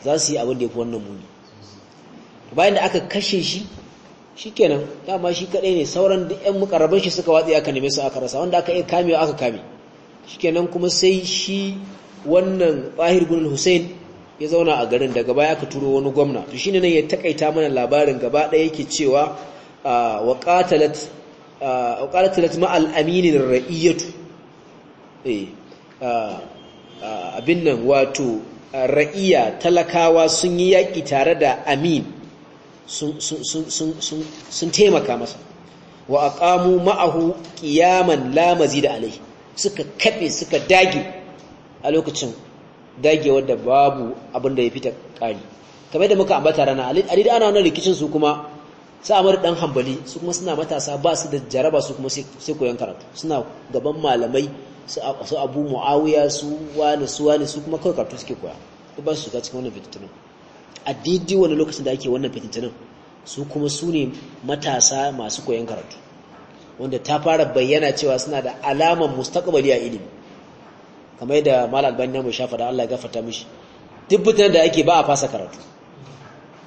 za su yi abin da ya fi wannan muni bayan da aka kashe shi shikenan dama shi kadai ne sauran duk yan mukarraban shi suka watsi aka neme su aka rasa wanda aka iya kamewa aka kame shikenan kuma sai shi wannan Bahir gunan Hussein ya zauna a garin daga baya aka turo wani gwamna to shine nan ya takaita mana labarin gaba ɗaya yake cewa ah, wa qatalat ah, wa qatalat al amin ra'iyatu eh, ah, abin nan wato ra'iya talakawa sun yi yaki tare da amin sun taimaka masa wa aqamu ma'ahu qiyaman la da alai suka kafe suka dage a lokacin dagewar da babu abinda ya fita kari kamar da muka ambata rana a da ana wannan rikicin su kuma sai amar dan hambali su kuma suna matasa ba su da jaraba su kuma sai koyon karatu suna gaban malamai su abu muawiya su wani su wani su kuma kawai karatu suke koya ba su shiga cikin wannan fitinin a didi wani lokacin da ake wannan fitintunan su kuma su ne matasa masu koyon karatu wanda ta fara bayyana cewa suna da alaman mustaqbali a ilimi kamar yadda mal albani na mai shafa da Allah ya gafarta mishi duk fitinan da ake ba a fasa karatu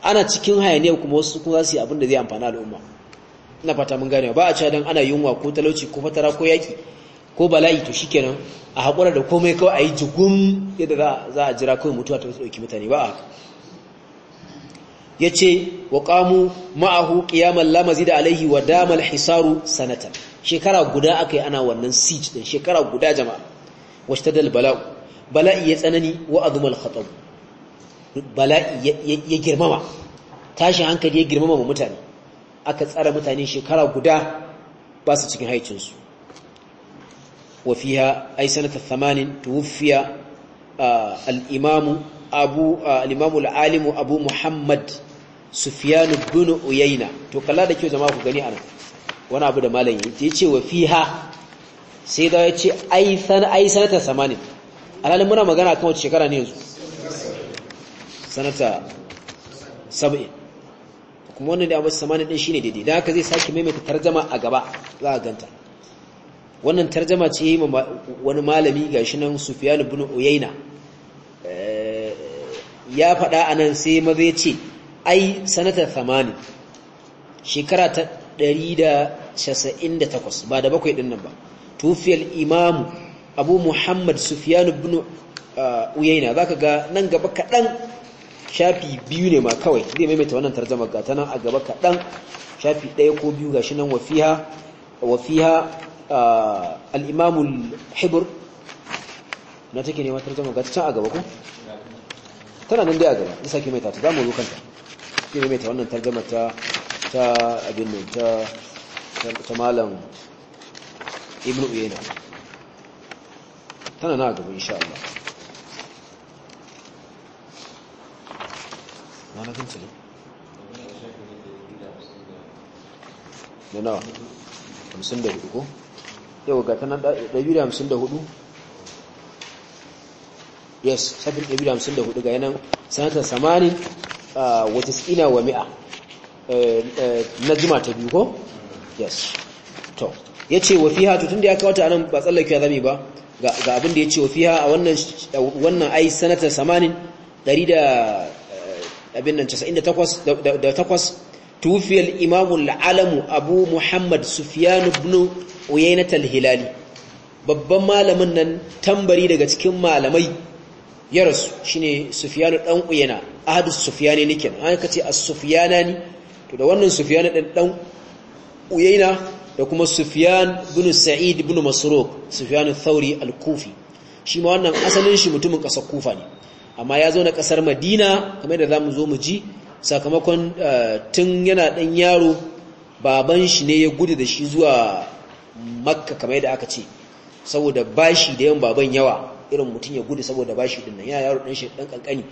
ana cikin hayaniya kuma wasu kuma za su yi abin da zai amfana al'umma ina fata mun gane ba a cewa dan ana yunwa ko talauci ko fatara ko yaki ko bala'i to shikenan a haƙura da komai kawai a yi jigum yadda za a jira kawai mutuwa ta ɗauki mutane ba a ya wa qamu ma'ahu ƙiyamar lamazi da alaihi wa damal hisaru sanatan shekara guda aka yi ana wannan siege din shekara guda jama'a washtadal bala'u bala'i ya tsanani wa azumar khatab bala'i ya girmama tashin hankali ya girmama mutane aka tsara mutane shekara guda ba su cikin haicinsu wa fiya ai sanata 80 tuwfiya ah, al-imamu abu uh, al-imamu al-alimu abu muhammad sufyan ibn uyayna to kalla da kyau zama ku gani anan wani abu da malam yace ce wa fiha sai da yace ai san ai sanata samani alalin muna magana kan wace shekara ne yanzu sanata 70 kuma wannan da abu samanin din shine daidai da haka zai saki maimaita tarjuma a gaba za a ganta wannan tarjuma ce yi wani malami gashi nan Sufyan ibn Uyayna ya faɗa a nan sai maza ya ce ai sanatar thamani shekara ta 198 ba da bakwai ɗin nan ba tufiyar imamu abu muhammad sufiyanu bin uh, uyaina za ka ga nan gaba kaɗan shafi biyu ne ma kawai zai maimaita wannan tarjama ga ta nan a gaba kaɗan shafi ɗaya ko biyu shi nan wafiha uh, al'imamul hibir na take ne ma tarjama ga ta can a gaba ku. tana nan dai a gaba zai sake mai tata za mu zo kanta shi mai ta wannan tarjama ta ta abin nan ta ta malam ibnu uyayna tana na gaba insha Allah na na kanta ne da nawa 54 yau ga tana 254 yes shafin hudu ga yanan sanata samanin wata tsina wa mi'a eh, eh, na jima ta biyu ko yes to ya ce wa fiha tutun da ya kawata anan ba tsallake ya zame ba ga abin da ya ce wa fiha a wannan ai sanata samanin 198 tufiyar imamun la'alamu abu muhammad sufiyanu bin uyaynatal hilali babban malamin nan tambari daga cikin malamai ya rasu shine sufyanu ɗan uyana ahadu sufyani nake an kace Sufiyana ne to da wannan sufiyanu ɗan ɗan da kuma Sufiyan bin sa'id bin masruq Sufiyanu thauri al-kufi shi ma wannan asalin shi mutumin ƙasar kufa ne amma ya zo na ƙasar madina kamar da zamu zo mu ji sakamakon eh, tun yana ɗan yaro baban shi ne ya gudu da shi zuwa makka kamar da aka ce saboda bashi da yawan baban yawa irin mutum ya gudu saboda bashi din nan ya yaro dan shi dan kankani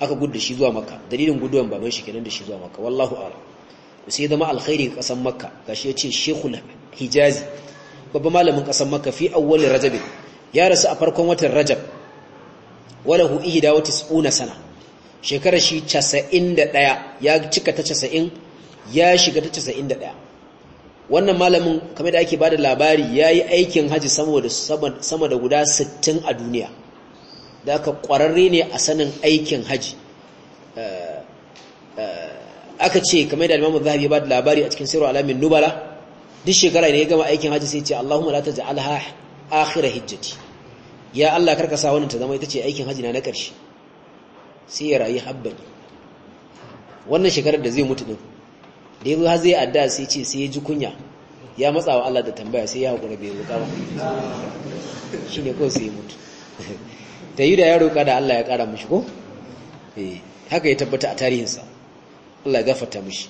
aka gudu shi zuwa makka dalilin guduwan baban shi kenan da shi zuwa makka wallahu a'lam sai zama alkhairi ga kasan makka gashi ce sheikhul hijazi babba malamin kasan makka fi awwal rajab ya rasu a farkon watan rajab walahu ihda wa tis'una sana shekarar shi 91 ya cika ta 90 ya shiga ta 91 wannan malamin kamar da ake bada labari ya yi aikin haji sama da guda 60 a duniya da aka kwararre ne a sanin aikin haji eh, eh, aka ce kamar da alimamu zahabi ba da labari a cikin sirru alamin nubala duk shekara ne ya gama aikin haji sai ce allahumma la taj'alha akhira hijjati ya allah karka sa wannan ta zama ita ce aikin haji na na karshe sai ya rayu habbani wannan shekarar da zai mutu din da yazo har zai adda sai ce sai ya ji kunya ya matsa wa Allah da tambaya sai ya hakura bai roƙa ba shine kawai sai ya mutu ta yi da ya roƙa da Allah ya ƙara mashi ko eh, haka ya tabbata a tarihinsa Allah ya gafata mashi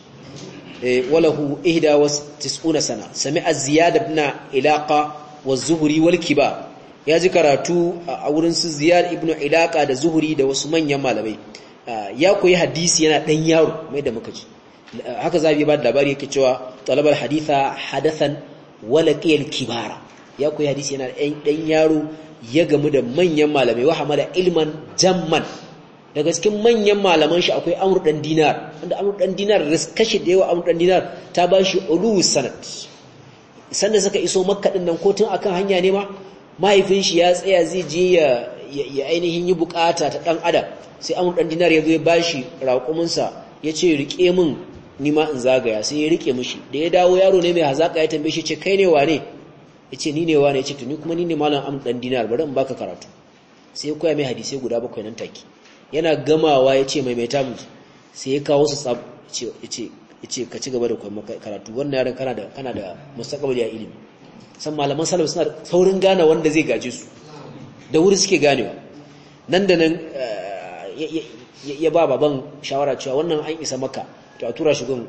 eh walahu ihda was tis'una sana sami ziyad ibn ilaqa wa zuhri wal kiba ya ji karatu a wurin su ziyad ibn ilaqa da zuhri da wasu manyan malamai ah, ya koyi hadisi yana dan yaro mai da muka ji haka zabi ba da labari yake cewa talabar haditha hadathan wala qiyal kibara ya koyi hadisi yana dan yaro ya gamu da manyan malamai wa hamala ilman jamman daga cikin manyan malaman shi akwai amru dan dinar wanda amru dan dinar riskashi da yawa amru dan dinar ta ba shi ulu sanad sanda saka iso makka din nan kotun akan hanya ne ma mahaifin shi ya tsaya zai je ya ya ainihin yi bukata ta dan adam sai amr dan dinar ya zo ya bashi raƙumin ya ce rike min ni ma in zagaya sai ya rike mishi da ya dawo yaro ne mai hazaka ya tambaye shi ce kai ne wane yace ni ne wane yace to ni kuma ni ne malam am dan dinar bari in baka karatu sai ya koya mai hadisi guda bakwai nan take yana gamawa yace mai mai tamu sai ya kawo su tsab yace yace ka ci gaba da koyon karatu wannan yaron kana da kana da a ilimi san malaman salaf suna saurin gane wanda zai gaje su da wuri suke ganewa nan da nan eh, ya ba baban shawara cewa wannan an isa maka to a tura shi gun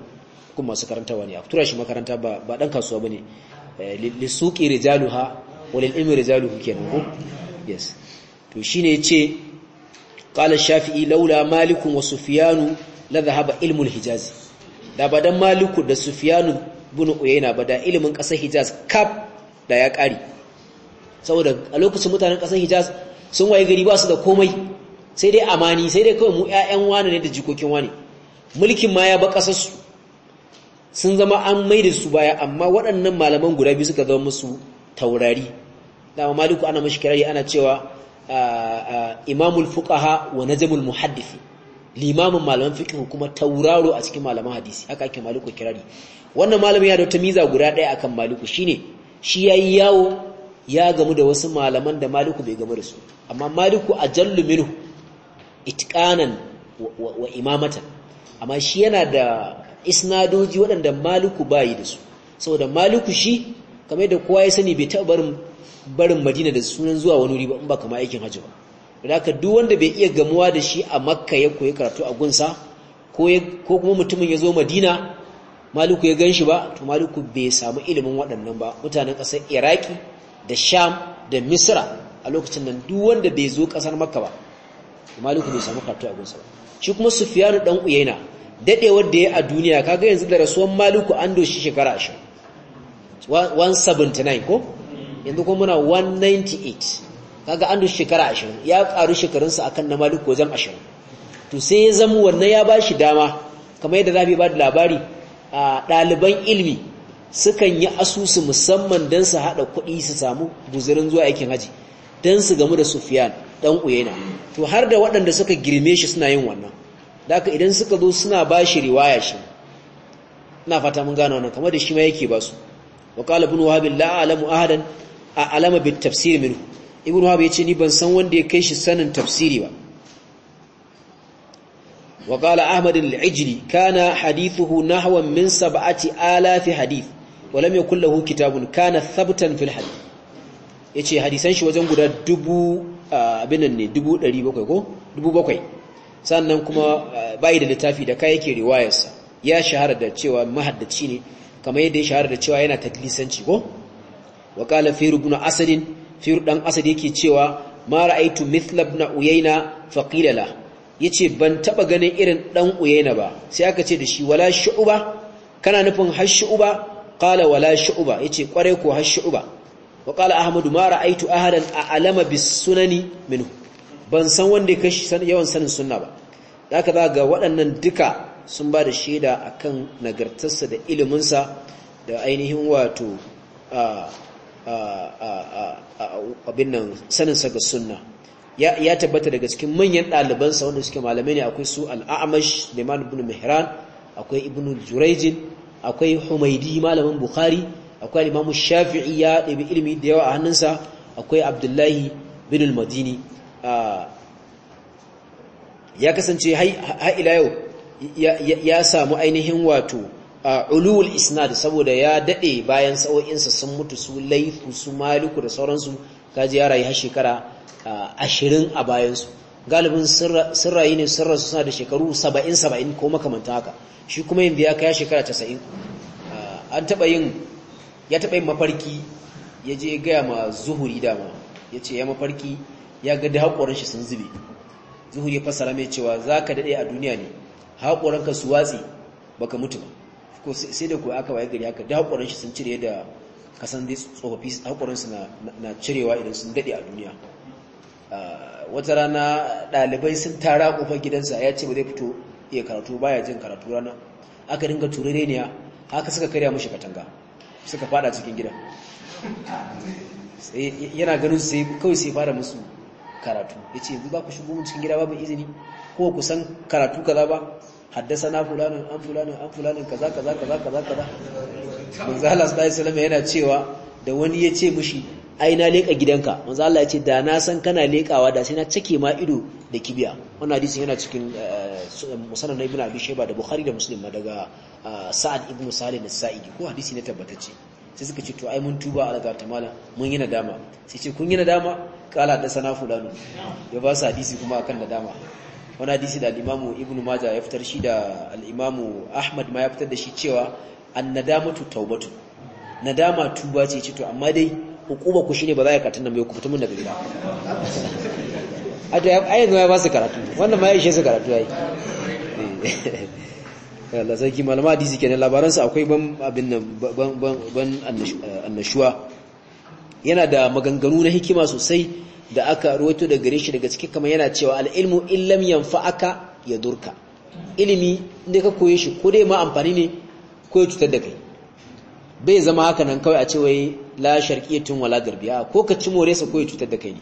kun masu karanta ne a tura shi makaranta ba dan kasuwa eh, lissuki rijalu rijaluha walil imi rijalu kenan ko yes to shi ne ce kala shafi'i laula malikun wa na la dhahaba ilmul hijaz da ba dan maliku da sufiyanu bin uyayna ba da ilimin kasar hijaz kaf da ya kare saboda a lokacin mutanen kasar hijaz sun waye gari ba su da komai sai dai amani sai dai kawai mu 'ya'yan wani ne da jikokin wani mulkin ma ya ba kasarsu sun zama an maida su baya amma waɗannan malaman guda biyu suka zama musu taurari dama maliku ana mashi kirari ana cewa imamul fuqaha wa najmul muhaddisi limamin malaman fiqh kuma tauraro a cikin malaman hadisi haka ake maliku kirari wannan malamin ya da wata miza guda ɗaya akan maliku shine shi yayi yawo ya gamu da wasu malaman da maliku bai gamu da su amma maliku ajallu minhu itqanan wa imamatan amma shi yana da isnadoji waɗanda maluku bayi da su saboda maluku shi kamar da kowa ya sani bai taɓa barin barin madina da sunan zuwa wani wuri ba in ba kama aikin hajji ba da duk wanda bai iya gamuwa da shi a makka ya koyi karatu a gunsa ko kuma mutumin ya zo madina maluku ya gan shi ba to maluku bai samu ilimin waɗannan ba mutanen ƙasar iraki da sham da misra a lokacin nan duk wanda bai zo ƙasar makka ba maluku bai samu karatu a gunsa ba shi kuma sufiyanu ɗan uyaina dadewar da ya a duniya kaga yanzu da rasuwan maluku an doshi shekara 20 179 ko yanzu kuma muna 198 kaga an doshi shekara 20 ya karu shekarunsa akan na maluku wajen 20 to sai ya zama wannan ya bashi dama kamar yadda zabi ba da labari a daliban ilmi sukan yi asusu musamman don su haɗa kuɗi su samu guzurin zuwa aikin haji don su gamu da sufiyan dan uyena to har da waɗanda suka girme shi suna yin wannan da haka idan suka zo suna ba shi riwaya shi ina fata mun gano wannan kamar da shi ma yake ba su wa qala ibn wahab la a'lamu ahadan a'lama bit tafsir minhu ibn wahab yace ni ban san wanda ya kai shi sanin tafsiri ba wa qala ahmad al-ijli kana hadithuhu nahwan min sab'ati alaf hadith wa lam yakul lahu kitabun kana thabtan fil hadith yace hadisan shi wajen guda dubu ah, abinan ne 700 ko 700 sannan kuma eh, bai da littafi da kai yake riwayarsa ya shahara da cewa mahaddaci ne kamar yadda ya shahara da cewa yana tadlisanci ko wa qala firu ibn asadin firu dan asad yake cewa ma ra'aytu mithla ibn uyayna faqila la yace ban taba ganin irin dan uyayna ba sai aka ce da shi wala shu'ba kana nufin har Shu'uba? qala wala Shu'uba. yace kware ko har shu'uba wa qala ahmadu ma ra'aytu ahadan a'lama bis sunani minhu ban san wanda ya kashi yawan sanin sunna ba da aka za ga waɗannan duka sun ba da shaida a kan nagartarsa da iliminsa da ainihin wato abin nan saninsa ga sunna ya tabbata daga cikin manyan ɗalibansa wanda suke malamai ne akwai su al'amash liman ibn mihran akwai ibn jurejin akwai humaidi malamin bukhari akwai imamu shafi'i ya ɗabi ilimi da yawa a hannunsa akwai abdullahi bin al-madini ya kasance har ila yau ya samu ainihin wato ulul isnad saboda ya dade bayan sa'o'insa sun mutu su laifu su maliku da sauransu kaji ya rayu har shekara ashirin a bayansu galibin sun rayu ne sun rasu suna da shekaru saba'in saba'in ko makamanta haka shi kuma yin biya kaya shekara 90 an taɓa yin ya taɓa yin mafarki ya je gaya ma zuhuri dama ya ce ya mafarki ya ga da haƙoran shi sun zube zuhuri ya fassara mai cewa za ka daɗe a duniya ne ka su watsi ka mutu ba ko sai da kuwa aka waye gari haka da haƙoran shi sun cire da kasan dai tsofaffi haƙoran su na cirewa idan sun daɗe a duniya ah, wata rana ɗalibai sun tara ƙofar gidansa ya ce ba zai fito iya karatu baya jin karatu rana aka dinga turereniya haka suka karya mashi katanga suka fada cikin gidan eh, yana ganin sai kawai sai fara musu karatu yace yanzu ba ku shigo mun cikin gida babu izini ko ku san karatu kaza ba haddasana fulanin an fulanin an fulanin kaza kaza kaza kaza kaza manzo Allah sallallahu alaihi wasallam yana cewa da wani ya ce mushi ai na leka gidanka manzo Allah ya da na san kana lekawa da sai na cike ma ido da kibiya wannan hadisin yana cikin eh, musannad na ibnu abi shayba da bukhari da muslim daga eh, sa'ad ibnu salim as-sa'idi ko hadisi ne tabbatacce sai suka ce to ai mun tuba a daga tamala mun yi nadama sai ce kun yi nadama kala da sana fulano ya ba su hadisi kuma akan nadama wani hadisi da al'imamu imamu ibn maja ya fitar shi da al'imamu ahmad ma ya fitar da shi cewa an tu taubatu nadama tuba ce ce to amma dai hukuma ku shine ba za ya katin nan mai ku mun daga gida a da yanzu ya ba su karatu wannan ma ya ishe su karatu yayi. Eh. Allah zaki malama hadisi kenan labaransa akwai ban annashuwa yana da maganganu na hikima sosai da aka ruwaito da gare shi daga cikin kamar yana cewa al-ilmu aka ya durka. ilimi inda ka koye shi ko dai ma amfani ne ko ya cutar da kai bai zama haka nan kawai a ce wai la sharqiyatun wala garbiya ko ka ci more sa ko ya cutar da kai ne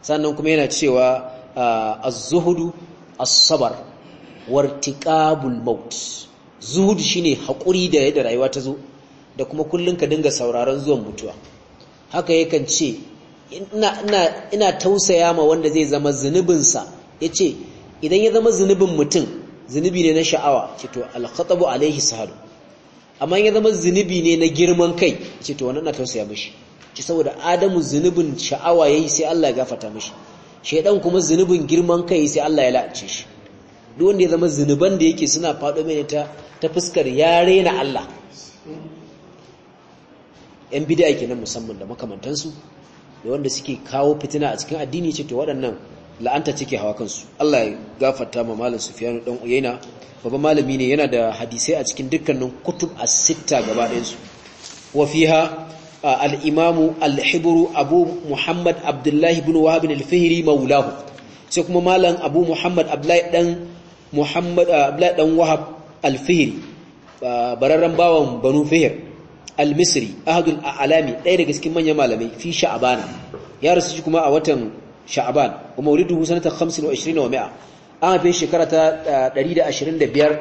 sannan kuma yana cewa ah, az-zuhdu as-sabr wartiqabul maut zuhud shine hakuri da yadda rayuwa ta zo da kuma kullum ka dinga sauraron zuwan mutuwa haka yakan ce ina tausaya ma wanda zai zama zunubinsa yace idan ya zama zunubin mutum zunubi ne na sha'awa ce to al-khatabu alaihi sahadu amma ya zama zunubi ne na girman kai ce to wannan na tausaya mishi ci saboda adamu zunubin sha'awa yayi sai Allah ya gafarta mishi shedan kuma zunubin girman kai sai Allah ya la'ace shi duk wanda ya zama zunuban da yake suna fado mai ta ta fuskar ya rena Allah yan bid'a kenan musamman da makamantansu da wanda suke kawo fitina a cikin addini ce to waɗannan la'anta cike hawa kansu Allah ya gafarta ma malam Sufyan dan Uyaina babban malami ne yana da hadisai a cikin dukkanin kutub a sitta gaba ɗayan su wa fiha al-imam al-hibr abu muhammad Abdullahi ibn wahab al-fihri maulahu sai kuma malam abu muhammad abdullahi dan muhammad ah, abdullahi dan wahab al-fihri ah, bararren bawan banu fihir al-misri ahadul alami ɗaya daga cikin manyan malamai fi sha'abana ya rasu shi kuma a watan sha'aban kuma wulidu sanata 25 wa mi'a an haife shekara ta 125 ah,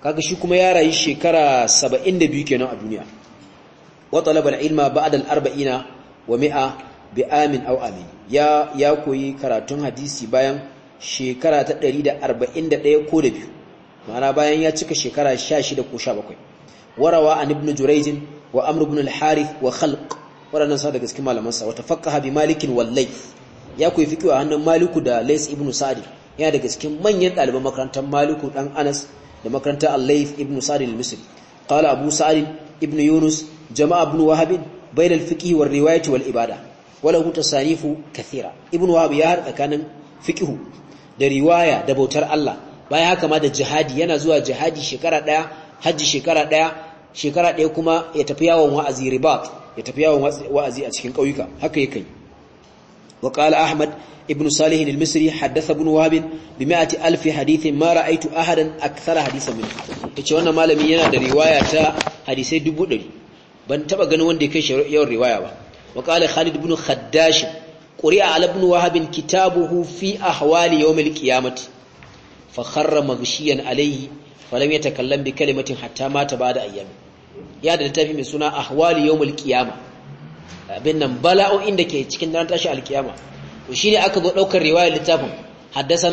kaga shi kuma ya rayu shekara 72 kenan a duniya wa talaba al-ilma ba'da al-arba'ina wa mi'a bi amin aw amin ya ya koyi karatun hadisi bayan shekara ta 141 ko da biyu ma'ana bayan ya cika shekara 16 ko 17 warawa an ibn jurayj wa amr ibn al-harith wa khalq waɗannan sa daga cikin malaman sa wa tafaqaha bi malik wal layth ya koyi fiqh a hannun maliku da lays ibn sa'd yana daga cikin manyan ɗaliban makarantar maliku dan anas da makarantar al-layth ibn sa'd al-misri qala abu sa'd ibn yunus jama'a ibn wahab bayna al-fiqh wal riwayah wal ibada wala hu tasanifu kathira ibn wahab ya har tsakanin fiqh da riwaya da bautar Allah bayan haka ma da jihadi yana zuwa jihadi shekara daya haji shekara daya shekara daya kuma ya tafi yawon wa'azi ribat ya tafi yawon wa'azi a cikin kauyuka haka yake wa qala ahmad ibn salih al-misri haddatha ibn wahab bi 100 alf hadith ma ra'aytu ahadan akthara hadithan min yace wannan malami yana da riwaya ta hadisai 100 ban taba ganin wanda ya kai yawan riwaya ba wa qala khalid ibn khaddash ƙuri'a alabnu wahabin kitabuhu fi ahwali yawmil qiyamati fa kharra maghshiyan alayhi falam yatakallam bi kalimatin hatta mata ba'da ayyami ya da littafi mai suna ahwali yawmil qiyama abin nan bala'o'in da ke cikin ran tashi alkiyama to shine aka zo daukar riwayar littafin "Haddasa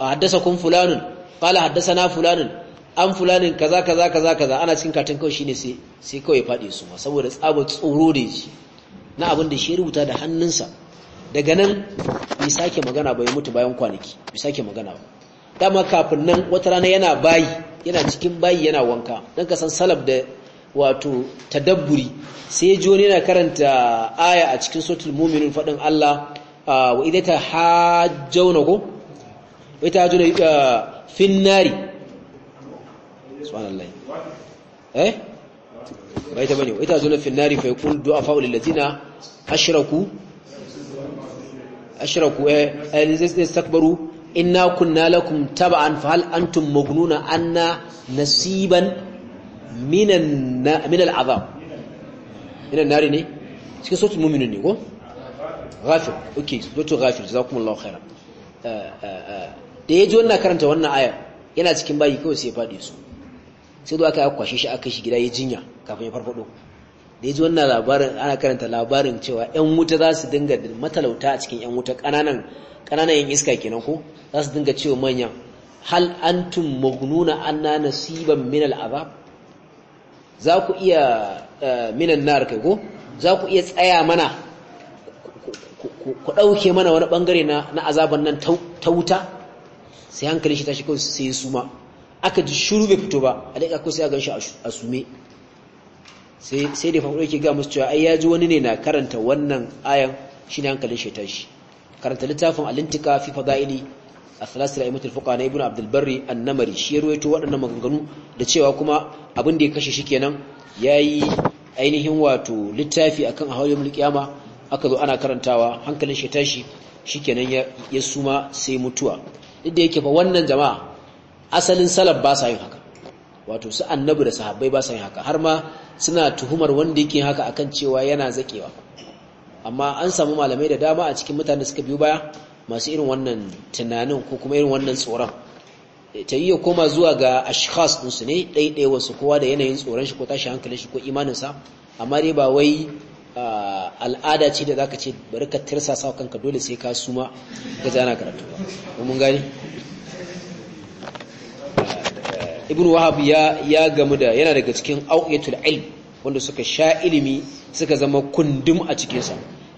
haddasakum fulanun qala haddasana fulanun an fulanin kaza kaza kaza kaza ana cikin katin kawai shine sai sai kawai fadi su saboda tsabo tsoro da shi na abin da shi rubuta da hannunsa daga nan bai sake magana ba mutu bayan kwanaki bai sake magana ba dama kafin nan wata rana yana bayi yana cikin bayi yana wanka dan ka san salaf da wato tadabburi sai ji wani yana karanta aya a cikin suratul mu'minun fadin Allah ah, wa idza tahajjuna ko wa tahajjuna ah, fin nari subhanallahi eh bai ta bane wa idza tahajjuna fin nari fa yaqul du'a fa'ul ladzina ashraku ashraku istakbaru inna kunna lakum tab'an fa hal antum magnuna anna nasiban minan min al'azab minan nari ne cikin sautul mu'minun ne ko ghafir okay sautul ghafir jazakumullahu khairan da ya ji wannan karanta wannan aya yana cikin bayi kawai sai ya faɗi su sai zuwa aka kwashe shi aka shi gida ya jinya kafin ya farfado da ya ji wannan labarin ana karanta labarin cewa 'yan wuta za su dinga matalauta a cikin 'yan wuta ƙananan ƙananan 'yan iska kenan ko za su dinga cewa manyan hal antum magnuna anna nasiban min al'azab za ku iya eh, minan nar kai ko za ku iya tsaya mana ku ɗauke mana wani ɓangare na azaban nan ta wuta sai hankali shi ta shi kawai sai suma. aka ji shuru bai fito ba a daga ko sai a gan shi a sume sai da farko yake ga musu cewa ai ya ji wani ne na karanta wannan ayan shine hankalin shi karanta littafin alintika fi fadaili a salasar al-imam na ibn abdul barri shi ya shi ruwaito waɗannan maganganu da cewa kuma abin da ya kashe shi kenan yayi ainihin wato littafi akan ahwalul qiyama aka zo ana karantawa hankalin shi shi shikenan ya suma sai mutuwa duk da yake fa wannan jama'a asalin salaf ba sa yin haka wato su annabi da sahabbai ba su yi haka har ma suna tuhumar wanda yake haka akan cewa yana zakewa amma an samu malamai da dama a cikin mutane suka biyo baya masu irin wannan tunanin ko kuma irin wannan tsoron eh, ta iya koma zuwa ga ashkhas din su ne ɗaiɗai wasu kowa da yanayin tsoron shi ko tashi hankalin shi ko imanin sa amma dai ba wai al'ada ce da zaka ce bari ka sa kanka dole sai ka suma ga zana karatu ba mun gani ibn wahab ya ya gamu da yana daga cikin auyatul ilm wanda suka sha ilimi suka zama kundum a cikin sa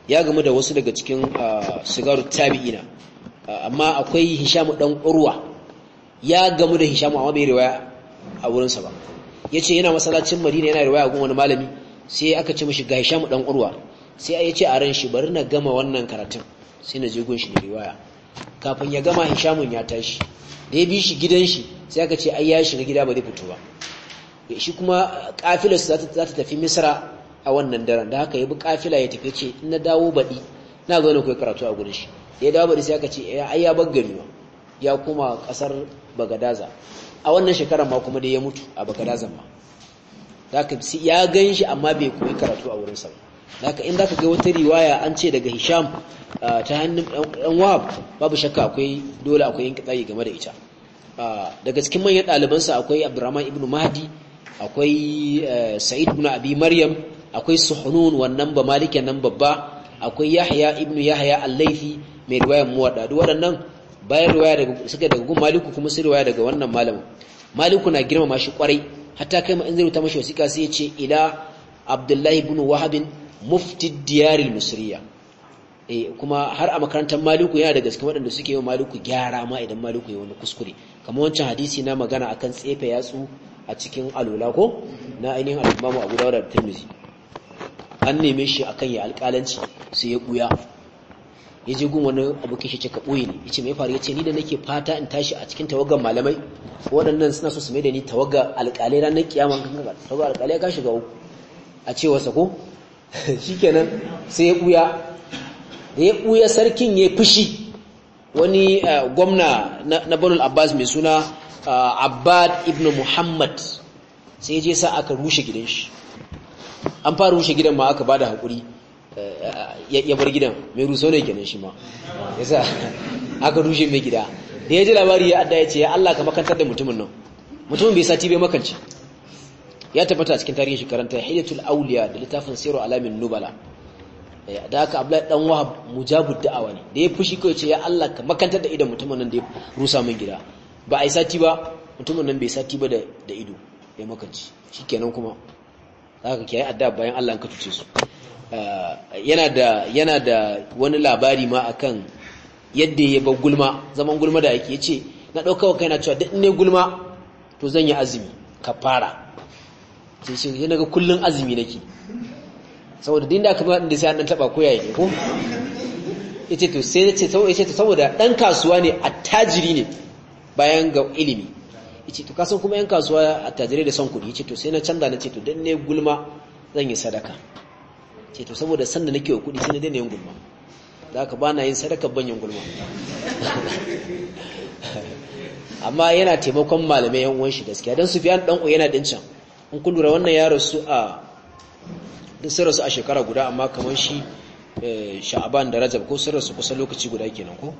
ya gamu da wasu daga cikin ah, sigaru tabi'ina ah, amma akwai hisham dan qurwa ya gamu da hisham amma bai riwaya a wurin sa ba yace yana masallacin madina yana riwaya ga wani malami sai aka ce mishi ga hisham dan urwa sai ya ce a ran shi bari na gama wannan karatun sai na je gun shi riwaya kafin ya gama hishamun ya tashi da ya bi shi gidan shi sai aka ce ai ya shiga gida ba zai fito ba shi kuma kafilar za ta tafi misra a wannan daren da haka ya bi kafila ya tafi ce na dawo baɗi na zo ne kai karatu a gurin shi ya dawo baɗi sai aka ce eh, ai ya baggari ya kuma ƙasar bagadaza a wannan shekarar ma kuma dai ya mutu a bagadaza ma haka ya gan shi amma bai koyi karatu a wurinsa ba haka in zaka ga wata riwaya an ce daga hisham ah, ta hannun ɗan wahab babu shakka akwai dole akwai yin game da ita Ah, daga cikin manyan ɗalibansa akwai abdurrahman ibn mahdi akwai eh, sa'id ibn abi maryam akwai suhunun wannan ba malik nan babba akwai yahya ibn yahya al-laifi mai riwayar muwadda duk waɗannan bayan riwaya daga suka daga gun maliku kuma sai riwaya daga wannan malamin maliku na girmama shi kwarai hatta kai ma in zai rubuta mashi wasiƙa sai ya ce ila abdullahi ibn wahab mufti al-misriyah Eh, kuma har a makarantar Maluku yana da gaske waɗanda suke yi Maluku gyara ma idan maliku ya wani kuskure kamar wancan hadisi na magana a kan tsefe yatsu a cikin alola ko na ainihin al'imamu abu dawud da tirmizi an neme shi akan ya alƙalanci sai ya ɓuya ya je gun wani abokin shi ka ɓuyi ne ce mai faru ya ce ni da nake fata in tashi a cikin tawagar malamai waɗannan suna so su mai da ni tawagar alƙalai ranar kiyama kan tawagar alƙalai ka shiga uku a cewarsa ko shikenan sai ya ɓuya da ya ɓuya sarkin ya fushi wani eh, gwamna na banul abbas mai suna eh, abbad ibn muhammad sai je sa aka rushe gidan shi an fara rushe gidan ma aka bada haƙuri eh, ya bar gidan mai ruso ne gidan shi ma sa aka rushe mai gida da ya ji labari ya adda ya ce ya Allah ka makantar da mutumin nan mutumin bai sati bai makance ya tabbata cikin tarihin shi karanta hidatul auliya da littafin siru alamin nubala Eh, da haka abdullahi dan wahab mujabud da'awa ne da ya fushi kai ce ya Allah ka makantar da idan mutumin nan da ya rusa min gida ba a yi sati ba mutumin nan bai sati ba da ido ya makanci shikenan kuma zaka kiyaye adda bayan Allah ka tuce su eh, yana da yana da wani labari ma akan yadda ya ba gulma zaman gulma da yake yace na wa kaina cewa duk ne gulma to zan yi azumi kafara sai shi ga kullun azumi nake saboda din da aka ba da sai an taba ko yayi ko yace to sai yace to yace to saboda dan kasuwa ne attajiri ne bayan ga ilimi yace to kasan kuma yan kasuwa attajiri da son kudi yace to sai na canza na ce to dan ne gulma zan yi sadaka yace to saboda san da nake wa kudi sai na daina yin gulma da aka ba na yin sadaka ban yin gulma amma yana taimakon malamai yan uwan shi gaskiya dan sufiyan dan uwa yana dincin in kun lura wannan ya rasu a din sirrasu rasu a shekara guda amma kamar shi eh, sha'aban da rajab ko sirrasu rasu kusan lokaci guda kenan ko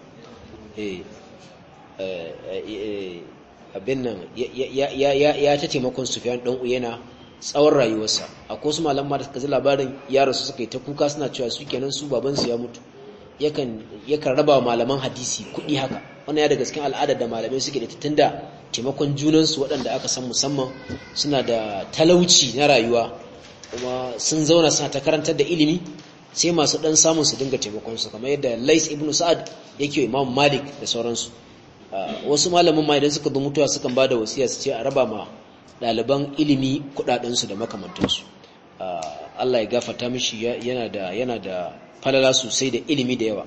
eh, eh, abin nan ya ta taimakon sufiyan ɗan uyana tsawon rayuwarsa a kusa malam ma da suka labarin yara su suka yi ta kuka suna cewa su kenan su babansu ya mutu yakan raba malaman hadisi kuɗi haka wannan ya daga cikin al'adar da malamai suke da tun da taimakon junansu waɗanda aka san musamman suna da talauci na rayuwa kuma sun zauna suna ta karantar da ilimi sai masu dan samun su dinga taimakon su kamar yadda Lais ibn Sa'ad yake Imam Malik da sauransu wasu malamin ma idan suka bi mutuwa sukan da wasiya su ce a raba ma ɗaliban ilimi kudaden da makamantansu Allah ya gafarta mishi yana da yana da falala sosai da ilimi da yawa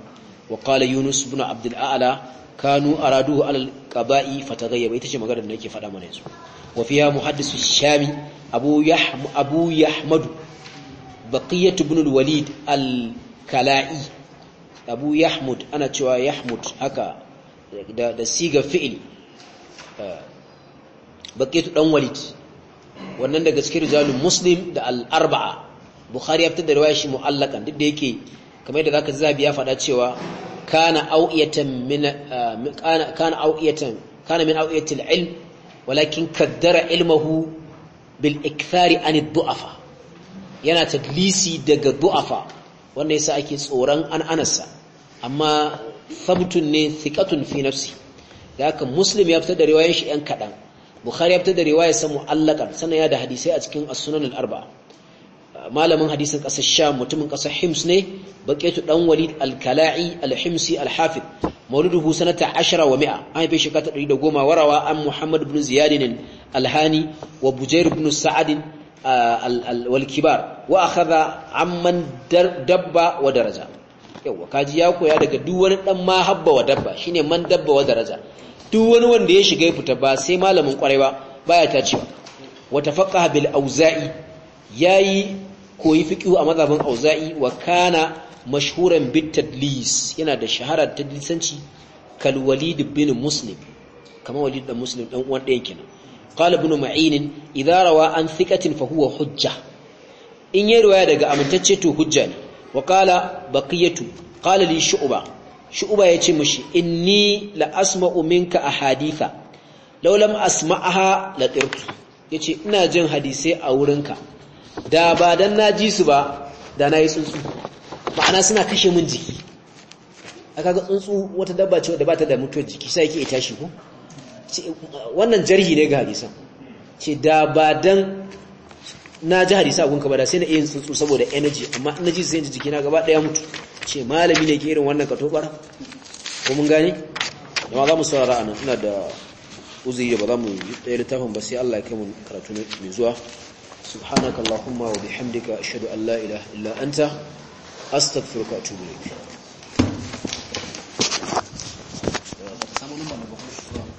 wa qala Yunus ibn Abdul A'la kanu aradu alal qaba'i fataghayyaba ita ce magana da nake faɗa mana yanzu wa fiya muhaddisu shami abu yahm abu yahmadu baqiyatu ibn al-walid al-kala'i abu yahmud ana cewa yahmud haka da, da siga fi'ili eh, baqiyatu dan walid wannan daga cikin rijalul muslim da al-arba'a bukhari ya da riwaya shi mu'allakan duk da yake kamar yadda zaka zabi ya fada cewa kana awiyatan eh, min kana kana awiyatan kana min awiyatil ilm walakin kaddara ilmahu bil ikthari an du'afa yana tadlisi daga du'afa wanda yasa ake tsoron an anasa amma sabtun ne thiqatun fi nafsi da haka muslim ya fitar da riwayar shi yan kadan bukhari ya fitar da riwayar sa mu'allaqan sannan ya da hadisi a cikin as-sunan al-arba'a malamin hadisin kasar sham mutumin kasar hims ne baqetu dan walid al-kala'i al-himsi al-hafid mawliduhu sanata 10 wa 100 an haife shi ka 110 warawa an muhammad ibn ziyad alhani wa bujair ibn sa'ad wal kibar wa akhadha amman dabba wa daraja kaji ya koya daga duk wani dan ma habba wa dabba shine man dabba wa daraja duk wani wanda ya shiga ya fita ba sai malamin kwarai ba baya ta cewa wa tafaqaha bil auza'i yayi koyi fiqhu a mazhabin auza'i wa kana mashhuran bit tadlis yana da shaharar tadlisanci kal walid bin muslim kamar walid da muslim dan uwan ɗayan kenan qala ibn ma'in idza rawa an thiqatin fa huwa hujja in yayi daga amintacce to hujja ne wa qala baqiyatu Shu'uba. li shu'ba yace mishi inni la asma'u minka ahaditha law lam asma'aha la tirtu yace ina jin hadisi a wurinka da ba dan naji su ba da nayi tsuntsu ma'ana suna kashe min jiki aka ga tsuntsu wata dabba ce da ba ta da mutuwar jiki sai yake tashi ko wannan jarhi ne ga hadisan ce da ba dan na ji hadisa a ka ba da sai na yin tsuntsu saboda energy amma na ji sai jiki na gaba daya mutu ce malami ne ke irin wannan ka tobara ko mun gane da ma za mu saurara anan ina da uzuri da ba za mu yi ɗaya littafin ba sai Allah ya kai mu karatu mai zuwa subhanaka allahumma wa bihamdika ashhadu an la ilaha illa anta astaghfiruka wa